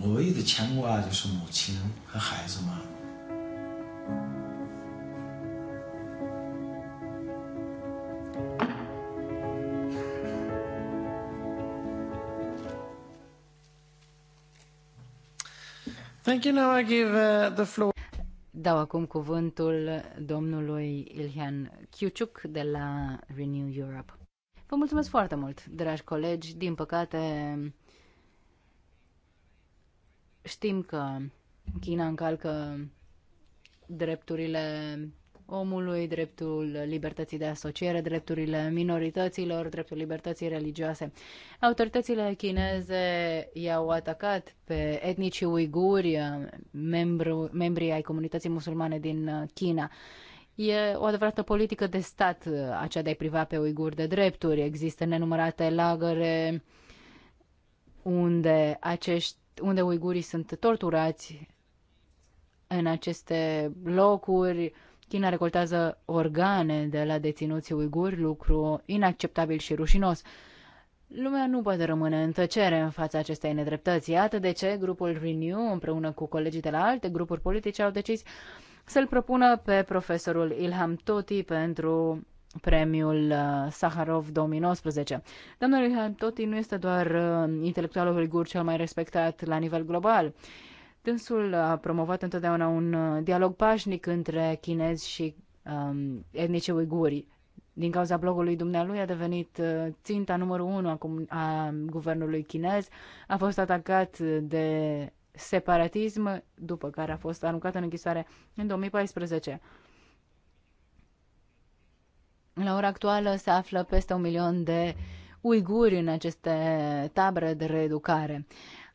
我唯一的牵挂就是母亲和孩子嘛。Thank you. Now I give uh, the floor. Dau acum cuvântul domnului Ilhan Chiuciuc de la Renew Europe. Vă mulțumesc foarte mult, dragi colegi. Din păcate, Știm că China încalcă drepturile omului, dreptul libertății de asociere, drepturile minorităților, dreptul libertății religioase. Autoritățile chineze i-au atacat pe etnicii uiguri, membru, membrii ai comunității musulmane din China. E o adevărată politică de stat aceea de a-i priva pe uiguri de drepturi. Există nenumărate lagăre unde acești unde uigurii sunt torturați în aceste locuri. China recoltează organe de la deținuții uiguri, lucru inacceptabil și rușinos. Lumea nu poate rămâne în tăcere în fața acestei nedreptăți. Iată de ce grupul Renew, împreună cu colegii de la alte grupuri politice, au decis să-l propună pe profesorul Ilham Toti pentru premiul uh, Saharov 2019. Domnul Ilham Toti nu este doar uh, intelectualul uigur cel mai respectat la nivel global. Dânsul a promovat întotdeauna un uh, dialog pașnic între chinezi și um, etnicii uiguri. Din cauza blogului dumnealui a devenit ținta numărul unu acum a guvernului chinez, a fost atacat de separatism, după care a fost aruncat în închisoare în 2014. La ora actuală se află peste un milion de uiguri în aceste tabere de reeducare.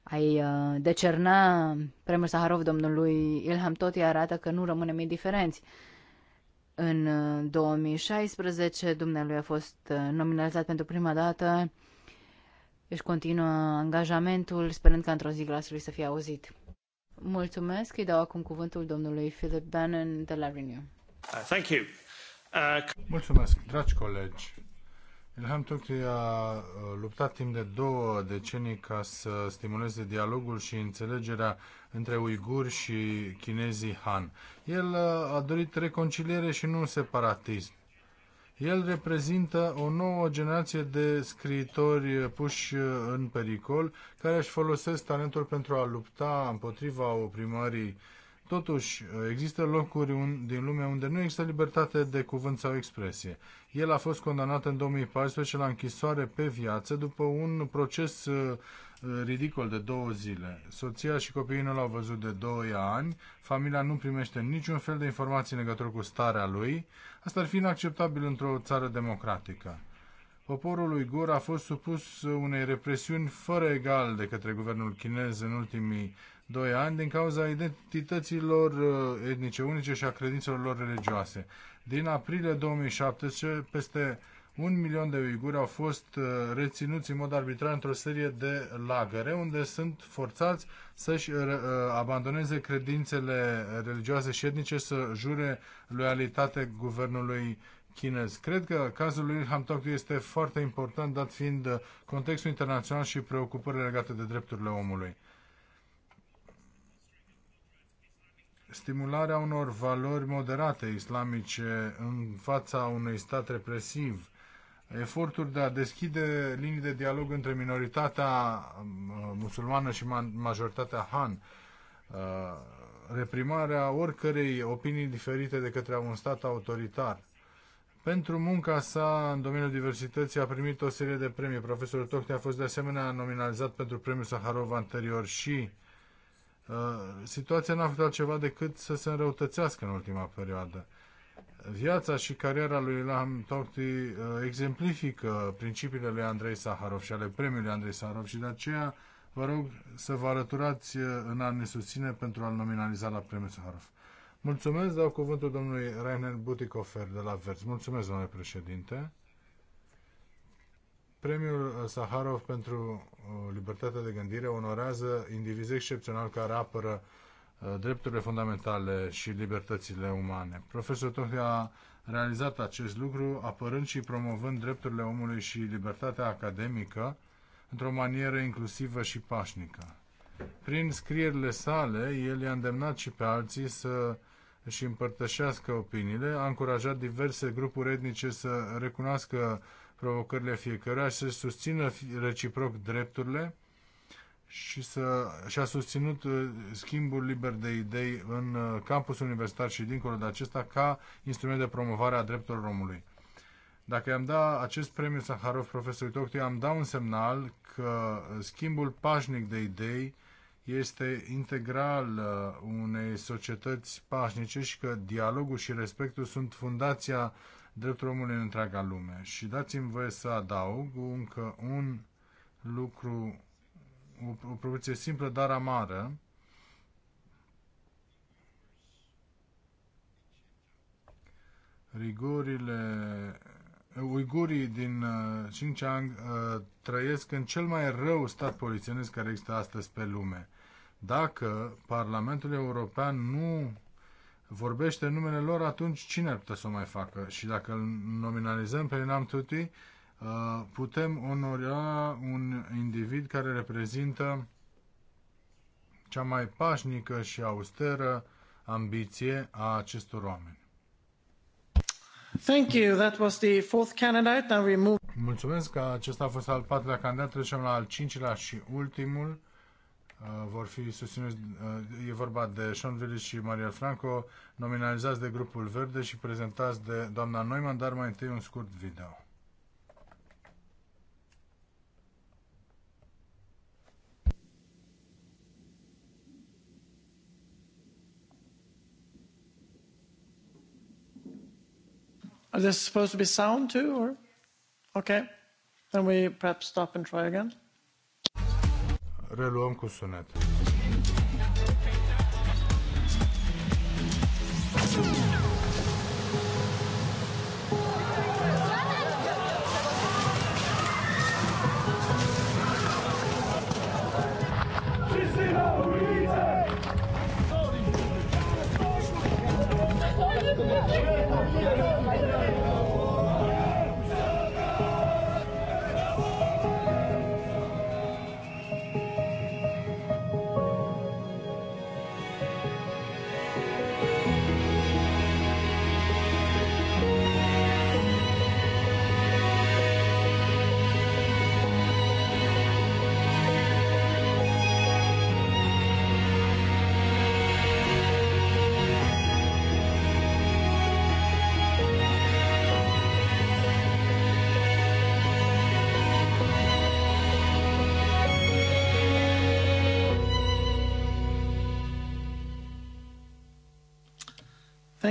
Ai uh, decerna premiul Saharov domnului Ilham Toti arată că nu rămânem indiferenți. În 2016, uh, dumnealui a fost uh, nominalizat pentru prima dată. Își continuă angajamentul, sperând ca într-o zi glasului să fie auzit. Mulțumesc, îi dau acum cuvântul domnului Philip Bannon de la Renew. Uh, thank you. Mulțumesc, dragi colegi. Ilham Tokri a luptat timp de două decenii ca să stimuleze dialogul și înțelegerea între uiguri și chinezii Han. El a dorit reconciliere și nu separatism. El reprezintă o nouă generație de scriitori puși în pericol, care își folosesc talentul pentru a lupta împotriva oprimării Totuși, există locuri un, din lume unde nu există libertate de cuvânt sau expresie. El a fost condamnat în 2014 la închisoare pe viață după un proces uh, ridicol de două zile. Soția și copiii nu l-au văzut de 2 ani, familia nu primește niciun fel de informații legătură cu starea lui. Asta ar fi inacceptabil într-o țară democratică. Poporul lui Gur a fost supus unei represiuni fără egal de către guvernul chinez în ultimii 2 ani din cauza identităților uh, etnice unice și a credințelor lor religioase. Din aprilie 2017, peste un milion de uiguri au fost uh, reținuți în mod arbitrar într-o serie de lagăre, unde sunt forțați să-și uh, abandoneze credințele religioase și etnice, să jure loialitate guvernului chinez. Cred că cazul lui Ilham Tokyo este foarte important, dat fiind contextul internațional și preocupările legate de drepturile omului. stimularea unor valori moderate islamice în fața unui stat represiv, eforturi de a deschide linii de dialog între minoritatea um, musulmană și majoritatea Han, uh, reprimarea oricărei opinii diferite de către un stat autoritar. Pentru munca sa în domeniul diversității a primit o serie de premii. Profesorul Tocte a fost de asemenea nominalizat pentru premiul Saharov anterior și Uh, situația n-a făcut altceva decât să se înrăutățească în ultima perioadă. Viața și cariera lui Ilham uh, exemplifică principiile lui Andrei Saharov și ale premiului Andrei Saharov și de aceea vă rog să vă alăturați uh, în a ne susține pentru a-l nominaliza la premiul Saharov. Mulțumesc, dau cuvântul domnului Rainer Butikofer de la Verzi. Mulțumesc, domnule președinte. Premiul uh, Saharov pentru uh, libertatea de gândire onorează indivizi excepțional care apără uh, drepturile fundamentale și libertățile umane. Profesor Tohia a realizat acest lucru apărând și promovând drepturile omului și libertatea academică într-o manieră inclusivă și pașnică. Prin scrierile sale, el i-a îndemnat și pe alții să și împărtășească opiniile, a încurajat diverse grupuri etnice să recunoască provocările fiecăruia, să susțină reciproc drepturile și să, și-a susținut uh, schimbul liber de idei în uh, campus universitar și dincolo de acesta ca instrument de promovare a drepturilor omului. Dacă i-am dat acest premiu Saharov profesorului Toctiu, i-am dat un semnal că schimbul pașnic de idei este integral uh, unei societăți pașnice și că dialogul și respectul sunt fundația dreptul omului în întreaga lume. Și dați-mi voie să adaug încă un lucru, o, o propoziție simplă, dar amară. Rigurile uigurii din uh, Xinjiang uh, trăiesc în cel mai rău stat polițienesc care există astăzi pe lume. Dacă Parlamentul European nu vorbește în numele lor, atunci cine ar putea să o mai facă? Și dacă îl nominalizăm pe Inam Tutui, uh, putem onora un individ care reprezintă cea mai pașnică și austeră ambiție a acestor oameni. Thank you. That was the fourth candidate. Now we move. Mulțumesc că acesta a fost al patrulea candidat. Trecem la al cincilea și ultimul. Uh, vor fi susținuți, uh, e vorba de Sean Willis și Maria Franco, nominalizați de grupul Verde și prezentați de doamna Neumann, dar mai întâi un scurt video. Are this supposed to be sound too, or? Okay. Then we perhaps stop and try again reluăm cu sunet.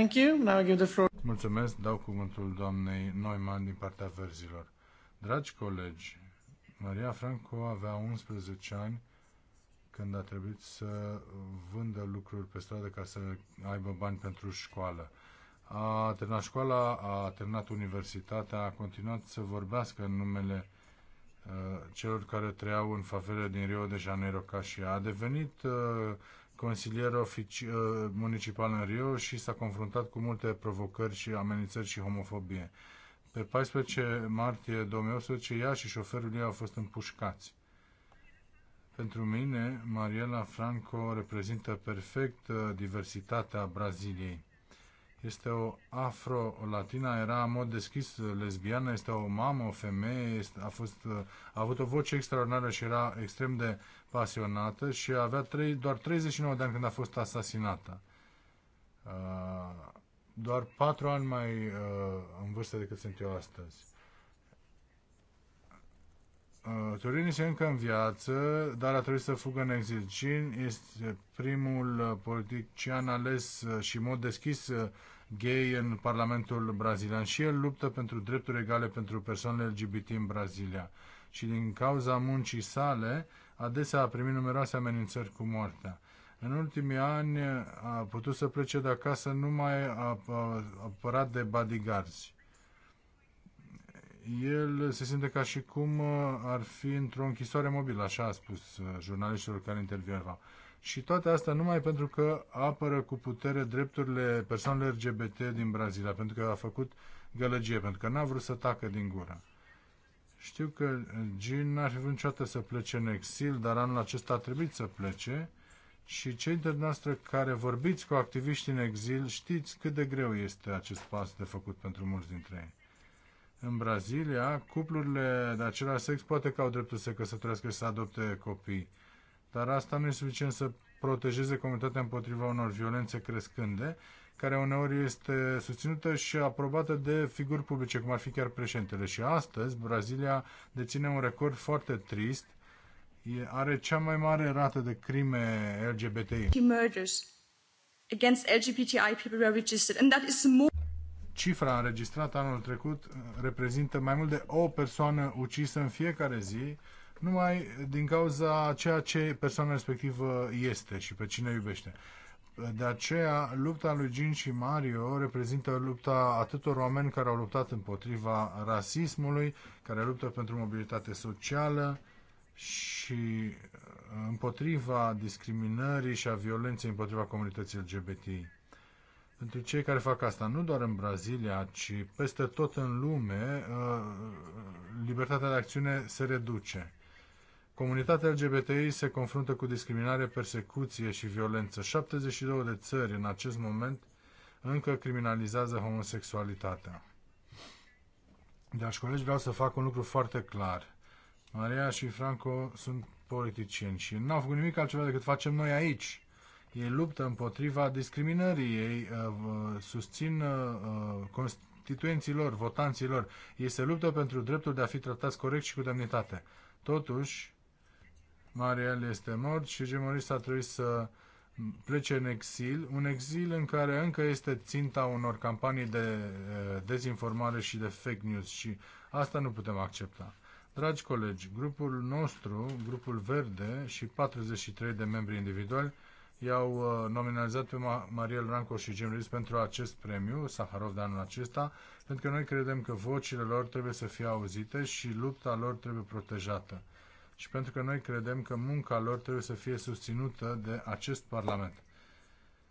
Thank you. Now I give the floor. Mulțumesc. Dau cuvântul doamnei Neumann din partea verzilor. Dragi colegi, Maria Franco avea 11 ani când a trebuit să vândă lucruri pe stradă ca să aibă bani pentru școală. A terminat școala, a terminat universitatea, a continuat să vorbească în numele uh, celor care trăiau în favele din Rio de Janeiro ca și a devenit uh, consilier ofici, uh, municipal în Rio și s-a confruntat cu multe provocări și amenințări și homofobie. Pe 14 martie 2018, ea și șoferul ei au fost împușcați. Pentru mine, Mariela Franco reprezintă perfect uh, diversitatea Braziliei este o afro-latina, era în mod deschis lesbiană, este o mamă, o femeie, este, a, fost, a avut o voce extraordinară și era extrem de pasionată și avea trei, doar 39 de ani când a fost asasinată. Uh, doar 4 ani mai uh, în vârstă decât sunt eu astăzi. Uh, Turini este încă în viață, dar a trebuit să fugă în exil. este primul politician ales și mod deschis gay în Parlamentul brazilian și el luptă pentru drepturi egale pentru persoanele LGBT în Brazilia. Și din cauza muncii sale, adesea a primit numeroase amenințări cu moartea. În ultimii ani a putut să plece de acasă numai apărat de bodyguards. El se simte ca și cum uh, ar fi într-o închisoare mobilă, așa a spus uh, jurnaliștilor care intervieva. Și toate astea numai pentru că apără cu putere drepturile persoanelor LGBT din Brazilia, pentru că a făcut gălăgie, pentru că n-a vrut să tacă din gură. Știu că Jean n-ar fi vrut niciodată să plece în exil, dar anul acesta a trebuit să plece și cei dintre noastre care vorbiți cu activiști în exil știți cât de greu este acest pas de făcut pentru mulți dintre ei. În Brazilia, cuplurile de același sex poate că au dreptul să căsătorească și să adopte copii, dar asta nu e suficient să protejeze comunitatea împotriva unor violențe crescânde, care uneori este susținută și aprobată de figuri publice, cum ar fi chiar președintele. Și astăzi, Brazilia deține un record foarte trist. E, are cea mai mare rată de crime LGBTI. LGBTI Cifra înregistrată anul trecut reprezintă mai mult de o persoană ucisă în fiecare zi, numai din cauza ceea ce persoana respectivă este și pe cine iubește. De aceea, lupta lui Jin și Mario reprezintă lupta atâtor oameni care au luptat împotriva rasismului, care luptă pentru mobilitate socială și uh, împotriva discriminării și a violenței împotriva comunității LGBTI. Pentru cei care fac asta, nu doar în Brazilia, ci peste tot în lume, uh, libertatea de acțiune se reduce. Comunitatea LGBTI se confruntă cu discriminare, persecuție și violență. 72 de țări în acest moment încă criminalizează homosexualitatea. Dragi colegi, vreau să fac un lucru foarte clar. Maria și Franco sunt politicieni și n-au făcut nimic altceva decât facem noi aici. Ei luptă împotriva discriminării, ei uh, uh susțin uh, uh, constituenții lor, votanții lor. Ei se luptă pentru dreptul de a fi tratați corect și cu demnitate. Totuși, Mariel este mort și Gemorist a trebuit să plece în exil, un exil în care încă este ținta unor campanii de dezinformare și de fake news și asta nu putem accepta. Dragi colegi, grupul nostru, grupul Verde și 43 de membri individuali i-au nominalizat pe Mariel Ranco și Jim Rees pentru acest premiu, Saharov de anul acesta, pentru că noi credem că vocile lor trebuie să fie auzite și lupta lor trebuie protejată și pentru că noi credem că munca lor trebuie să fie susținută de acest Parlament.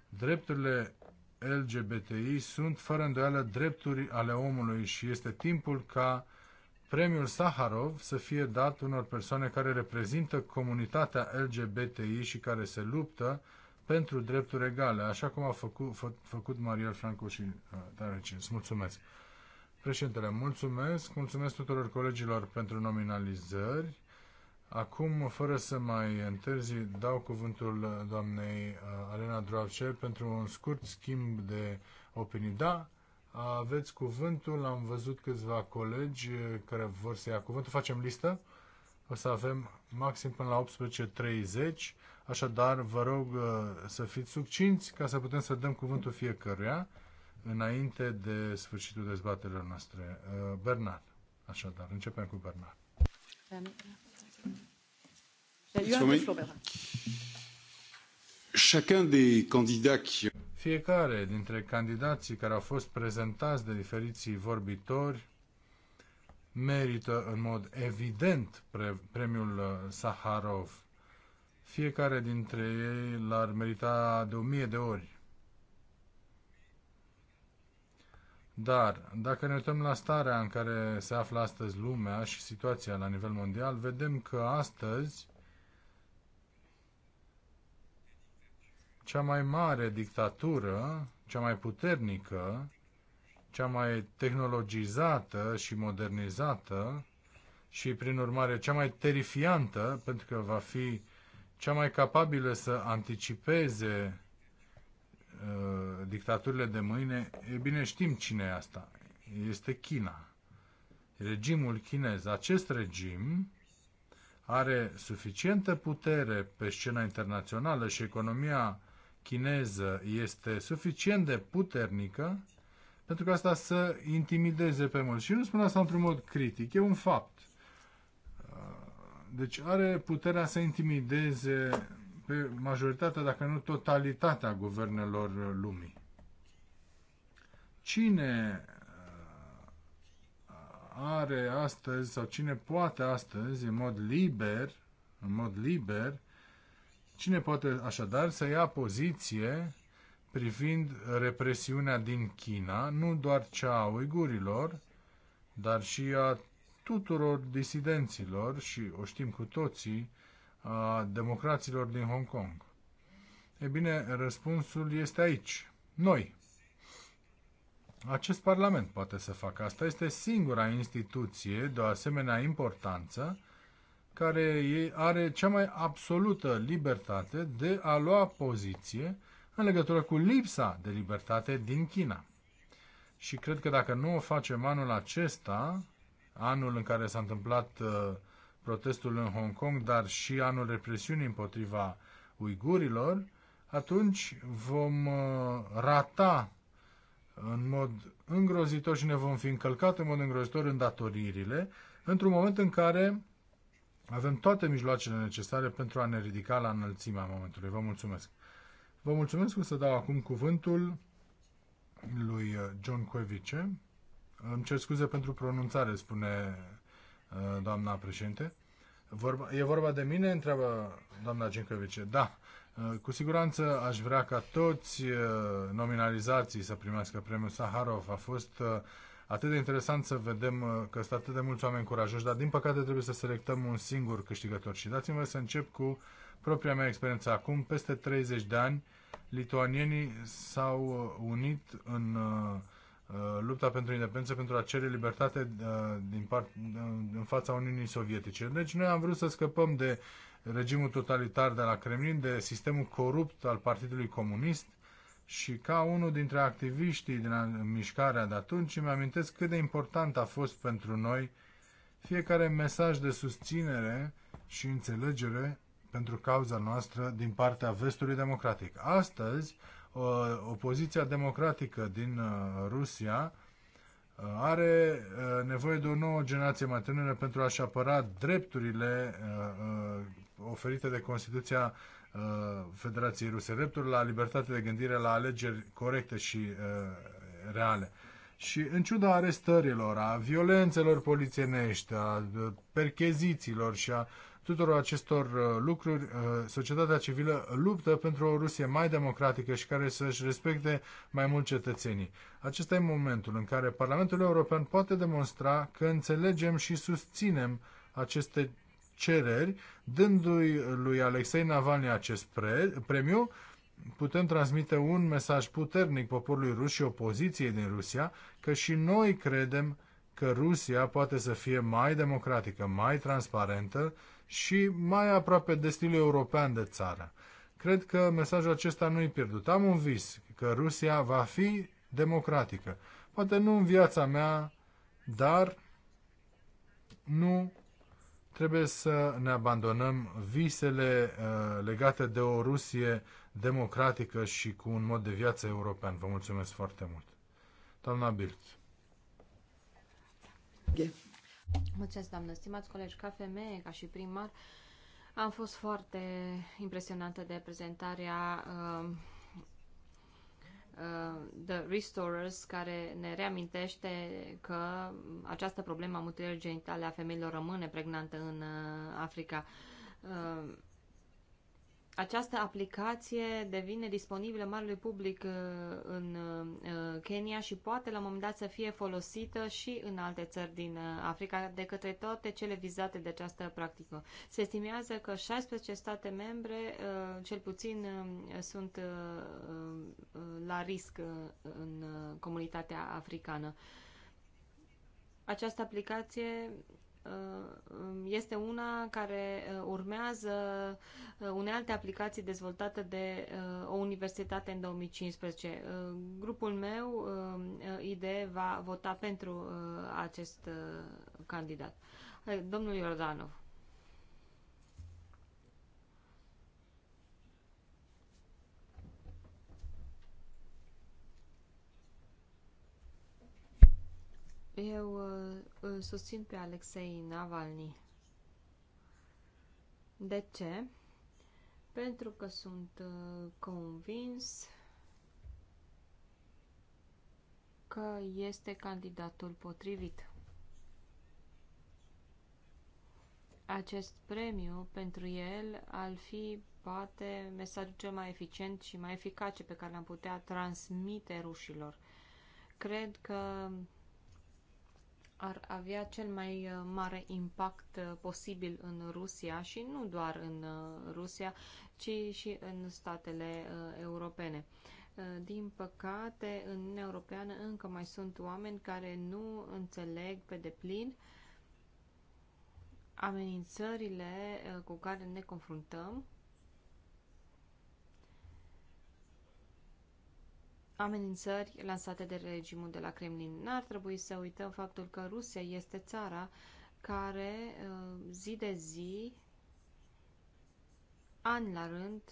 Drepturile LGBTI sunt fără îndoială drepturi ale omului și este timpul ca premiul Saharov să fie dat unor persoane care reprezintă comunitatea LGBTI și care se luptă pentru drepturi egale, așa cum a făcut, fă, făcut Mariel Franco și uh, Tarecin. Mulțumesc! Președintele, mulțumesc! Mulțumesc tuturor colegilor pentru nominalizări. Acum, fără să mai întârzi, dau cuvântul doamnei uh, Alena Droace pentru un scurt schimb de opinii. Da, aveți cuvântul, am văzut câțiva colegi uh, care vor să ia cuvântul, facem listă, o să avem maxim până la 18.30, așadar vă rog uh, să fiți succinți ca să putem să dăm cuvântul fiecăruia înainte de sfârșitul dezbaterilor noastre. Bernard, așadar, începem cu Bernard. Bernard. Fiecare dintre candidații care au fost prezentați de diferiții vorbitori merită în mod evident pre- premiul uh, Saharov. Fiecare dintre ei l-ar merita de o mie de ori. Dar, dacă ne uităm la starea în care se află astăzi lumea și situația la nivel mondial, vedem că astăzi cea mai mare dictatură, cea mai puternică, cea mai tehnologizată și modernizată și, prin urmare, cea mai terifiantă, pentru că va fi cea mai capabilă să anticipeze uh, dictaturile de mâine, e bine, știm cine e asta. Este China. Regimul chinez. Acest regim are suficientă putere pe scena internațională și economia chineză este suficient de puternică pentru că asta să intimideze pe mulți. Și nu spun asta într-un mod critic, e un fapt. Deci are puterea să intimideze pe majoritatea, dacă nu totalitatea guvernelor lumii. Cine uh, are astăzi sau cine poate astăzi în mod liber, în mod liber, Cine poate așadar să ia poziție privind represiunea din China, nu doar cea a uigurilor, dar și a tuturor disidenților și, o știm cu toții, a democraților din Hong Kong? E bine, răspunsul este aici. Noi. Acest parlament poate să facă asta. Este singura instituție de o asemenea importanță care are cea mai absolută libertate de a lua poziție în legătură cu lipsa de libertate din China. Și cred că dacă nu o facem anul acesta, anul în care s-a întâmplat uh, protestul în Hong Kong, dar și anul represiunii împotriva uigurilor, atunci vom uh, rata în mod îngrozitor și ne vom fi încălcat în mod îngrozitor în datoririle, într-un moment în care avem toate mijloacele necesare pentru a ne ridica la înălțimea momentului. Vă mulțumesc! Vă mulțumesc, că să dau acum cuvântul lui uh, John Cuevice. Îmi cer scuze pentru pronunțare, spune uh, doamna președinte. Vorba, e vorba de mine? Întreabă doamna Gencovice. Da, uh, cu siguranță aș vrea ca toți nominalizații să primească premiul Saharov. A fost atât de interesant să vedem uh, că sunt atât de mulți oameni curajoși, dar din păcate trebuie să selectăm un singur câștigător. Și dați-mi să încep cu propria mea experiență. Acum, peste 30 de ani, lituanienii s-au uh, unit în uh, lupta pentru independență, pentru a cere libertate din part, în fața Uniunii Sovietice. Deci noi am vrut să scăpăm de regimul totalitar de la Kremlin, de sistemul corupt al Partidului Comunist, și ca unul dintre activiștii din mișcarea de atunci, îmi amintesc cât de important a fost pentru noi fiecare mesaj de susținere și înțelegere pentru cauza noastră din partea vestului democratic. Astăzi, opoziția democratică din uh, Rusia uh, are uh, nevoie de o nouă generație mai tânără pentru a-și apăra drepturile oferite de Constituția Uh, Federației Ruse, dreptul la libertate de gândire, la alegeri corecte și uh, reale. Și în ciuda arestărilor, a violențelor polițienești, a uh, perchezițiilor și a tuturor acestor lucruri, societatea civilă luptă pentru o Rusie mai democratică și care să-și respecte mai mult cetățenii. Acesta e momentul în care Parlamentul European poate demonstra că înțelegem și susținem aceste cereri, dându-i lui Alexei Navalny acest pre, premiu, putem transmite un mesaj puternic poporului rus și opoziției din Rusia că și noi credem că Rusia poate să fie mai democratică, mai transparentă și mai aproape de stilul european de țară. Cred că mesajul acesta nu-i pierdut. Am un vis că Rusia va fi democratică. Poate nu în viața mea, dar nu Trebuie să ne abandonăm visele uh, legate de o Rusie democratică și cu un mod de viață european. Vă mulțumesc foarte mult. Doamna Bilt. Mulțumesc, doamnă. Stimați colegi, ca femeie, ca și primar, am fost foarte impresionată de prezentarea uh, Uh, the Restorers, care ne reamintește că această problemă a mutilării genitale a femeilor rămâne pregnantă în uh, Africa. Uh, această aplicație devine disponibilă marului public uh, în uh, Kenya și poate la un moment dat să fie folosită și în alte țări din uh, Africa de către toate cele vizate de această practică. Se estimează că 16 state membre, cel puțin, sunt la risc în comunitatea africană. Această aplicație Uh, este una care uh, urmează uh, unealte aplicații dezvoltate de o universitate în 2015. Grupul meu, IDE, va vota pentru acest candidat. Domnul Iordanov. Eu uh, îl susțin pe Alexei Navalny. De ce? Pentru că sunt uh, convins că este candidatul potrivit. Acest premiu pentru el ar fi poate mesajul cel mai eficient și mai eficace pe care l-am putea transmite rușilor. Cred că ar avea cel mai uh, mare impact uh, posibil în Rusia și nu doar în uh, Rusia, ci și în statele europene. Din păcate, în Uniunea Europeană încă mai sunt oameni care nu înțeleg pe deplin amenințările cu care ne confruntăm amenințări lansate de regimul de la Kremlin. N-ar trebui să uităm faptul că Rusia este țara care uh, zi de zi, an la rând,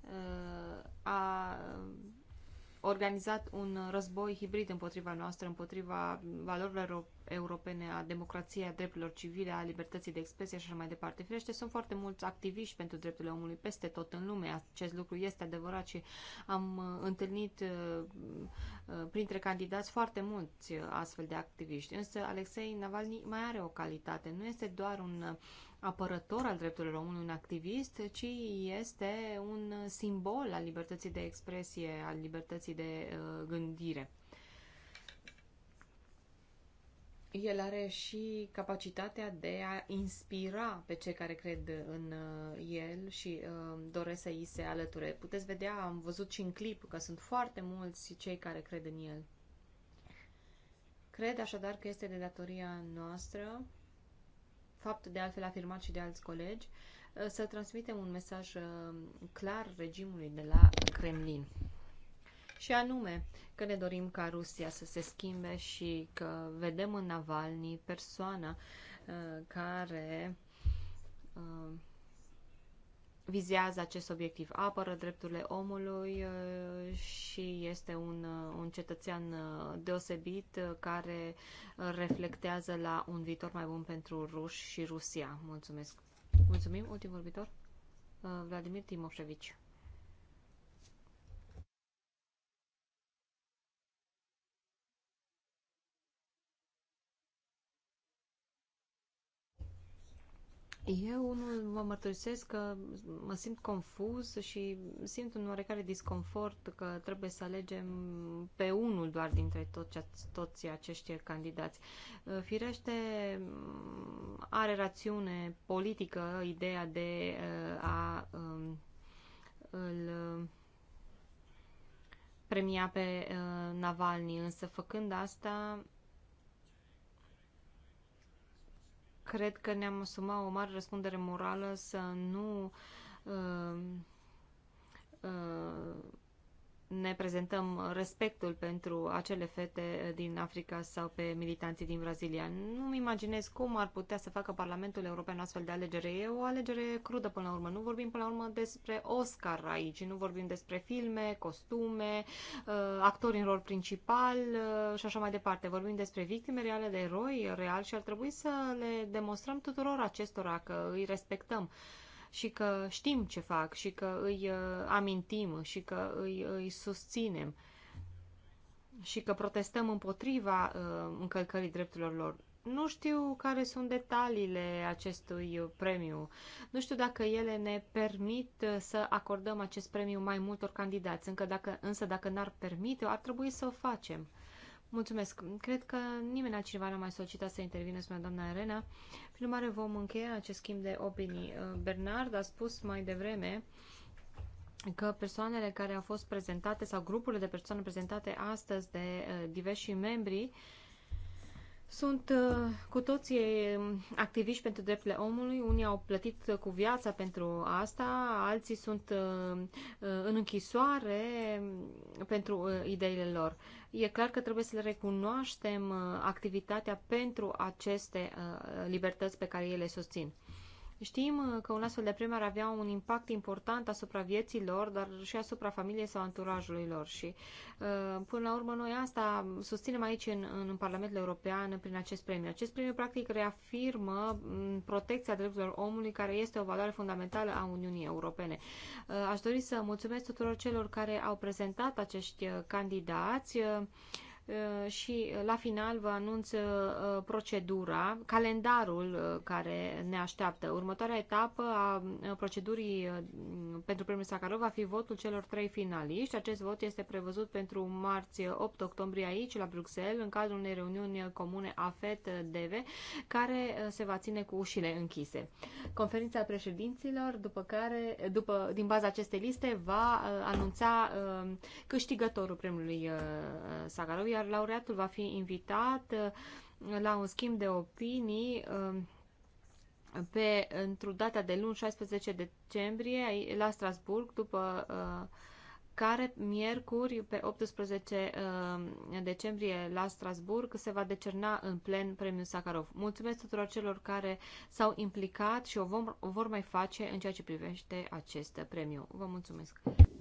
uh, a organizat un război hibrid împotriva noastră, împotriva valorilor europene a democrației, a drepturilor civile, a libertății de expresie și așa mai departe. Firește, sunt foarte mulți activiști pentru drepturile omului peste tot în lume. Acest lucru este adevărat și am uh, întâlnit uh, uh, printre candidați foarte mulți astfel de activiști. Însă Alexei Navalny mai are o calitate. Nu este doar un apărător al drepturilor omului, un activist, ci este un simbol al libertății de expresie, al libertății de gândire el are și capacitatea de a inspira pe cei care cred în uh, el și uh, doresc să îi se alăture. Puteți vedea, am văzut și în clip că sunt foarte mulți cei care cred în el. Cred așadar că este de datoria noastră, fapt de altfel afirmat și de alți colegi, uh, să transmitem un mesaj uh, clar regimului de la Kremlin și anume că ne dorim ca Rusia să se schimbe și că vedem în Navalny persoana uh, care uh, vizează acest obiectiv, apără drepturile omului uh, și este un, uh, un cetățean uh, deosebit uh, care reflectează la un viitor mai bun pentru ruși și Rusia. Mulțumesc! Mulțumim! Ultim vorbitor, Vladimir Timoșevici. Eu unul vă mărturisesc că mă simt confuz și simt un oarecare disconfort că trebuie să alegem pe unul doar dintre tot ce, toți acești candidați. Firește, are rațiune politică ideea de uh, a um, îl uh, premia pe uh, Navalny, însă făcând asta cred că ne-am asumat o mare răspundere morală să nu uh, uh, ne prezentăm respectul pentru acele fete din Africa sau pe militanții din Brazilia. Nu-mi imaginez cum ar putea să facă Parlamentul European astfel de alegere. E o alegere crudă până la urmă. Nu vorbim până la urmă despre Oscar aici, nu vorbim despre filme, costume, uh, actori în rol principal uh, și așa mai departe. Vorbim despre victime reale, de eroi reali și ar trebui să le demonstrăm tuturor acestora că îi respectăm și că știm ce fac și că îi uh, amintim și că îi, îi susținem și că protestăm împotriva uh, încălcării drepturilor lor. Nu știu care sunt detaliile acestui premiu. Nu știu dacă ele ne permit uh, să acordăm acest premiu mai multor candidați, încă dacă, însă dacă n-ar permite, ar trebui să o facem. Mulțumesc. Cred că nimeni altcineva nu mai solicitat să intervine, spunea doamna Arena. Prin urmare, vom încheia acest schimb de opinii. Uh, Bernard a spus mai devreme că persoanele care au fost prezentate sau grupurile de persoane prezentate astăzi de uh, diversi membri uh, sunt uh, cu toții um, activiști pentru drepturile omului, unii au plătit cu viața pentru asta, alții sunt uh, uh, în închisoare pentru ideile lor. E clar că trebuie să le recunoaștem activitatea pentru aceste libertăți pe care ele susțin. Știm uh, că un astfel de premiu ar avea un impact important asupra vieții lor, dar și asupra familiei sau anturajului lor. Și uh, până la urmă noi asta susținem aici în, în Parlamentul European prin acest premiu. Acest premiu practic reafirmă mm, protecția drepturilor omului, care este o valoare fundamentală a Uniunii Europene. Uh, aș dori să mulțumesc tuturor celor care au prezentat acești candidați. Uh, și la final vă anunț uh, procedura, calendarul uh, care ne așteaptă. Următoarea etapă a procedurii pentru premiul Sakharov va fi votul celor trei finaliști. Acest vot este prevăzut pentru marți 8 octombrie aici, la Bruxelles, în cadrul unei reuniuni comune AFET-DV, care se va ține cu ușile închise. Conferința președinților, după care, după, din baza acestei liste, va anunța câștigătorul premiului Sakharov, iar laureatul va fi invitat uh, la un schimb de opinii uh, pe, într-o data de luni 16 decembrie la Strasburg, după uh, care miercuri, pe 18 decembrie la Strasburg, se va decerna în plen premiul Sakharov. Mulțumesc tuturor celor care s-au implicat și o, vom, o vor mai face în ceea ce privește acest premiu. Vă mulțumesc!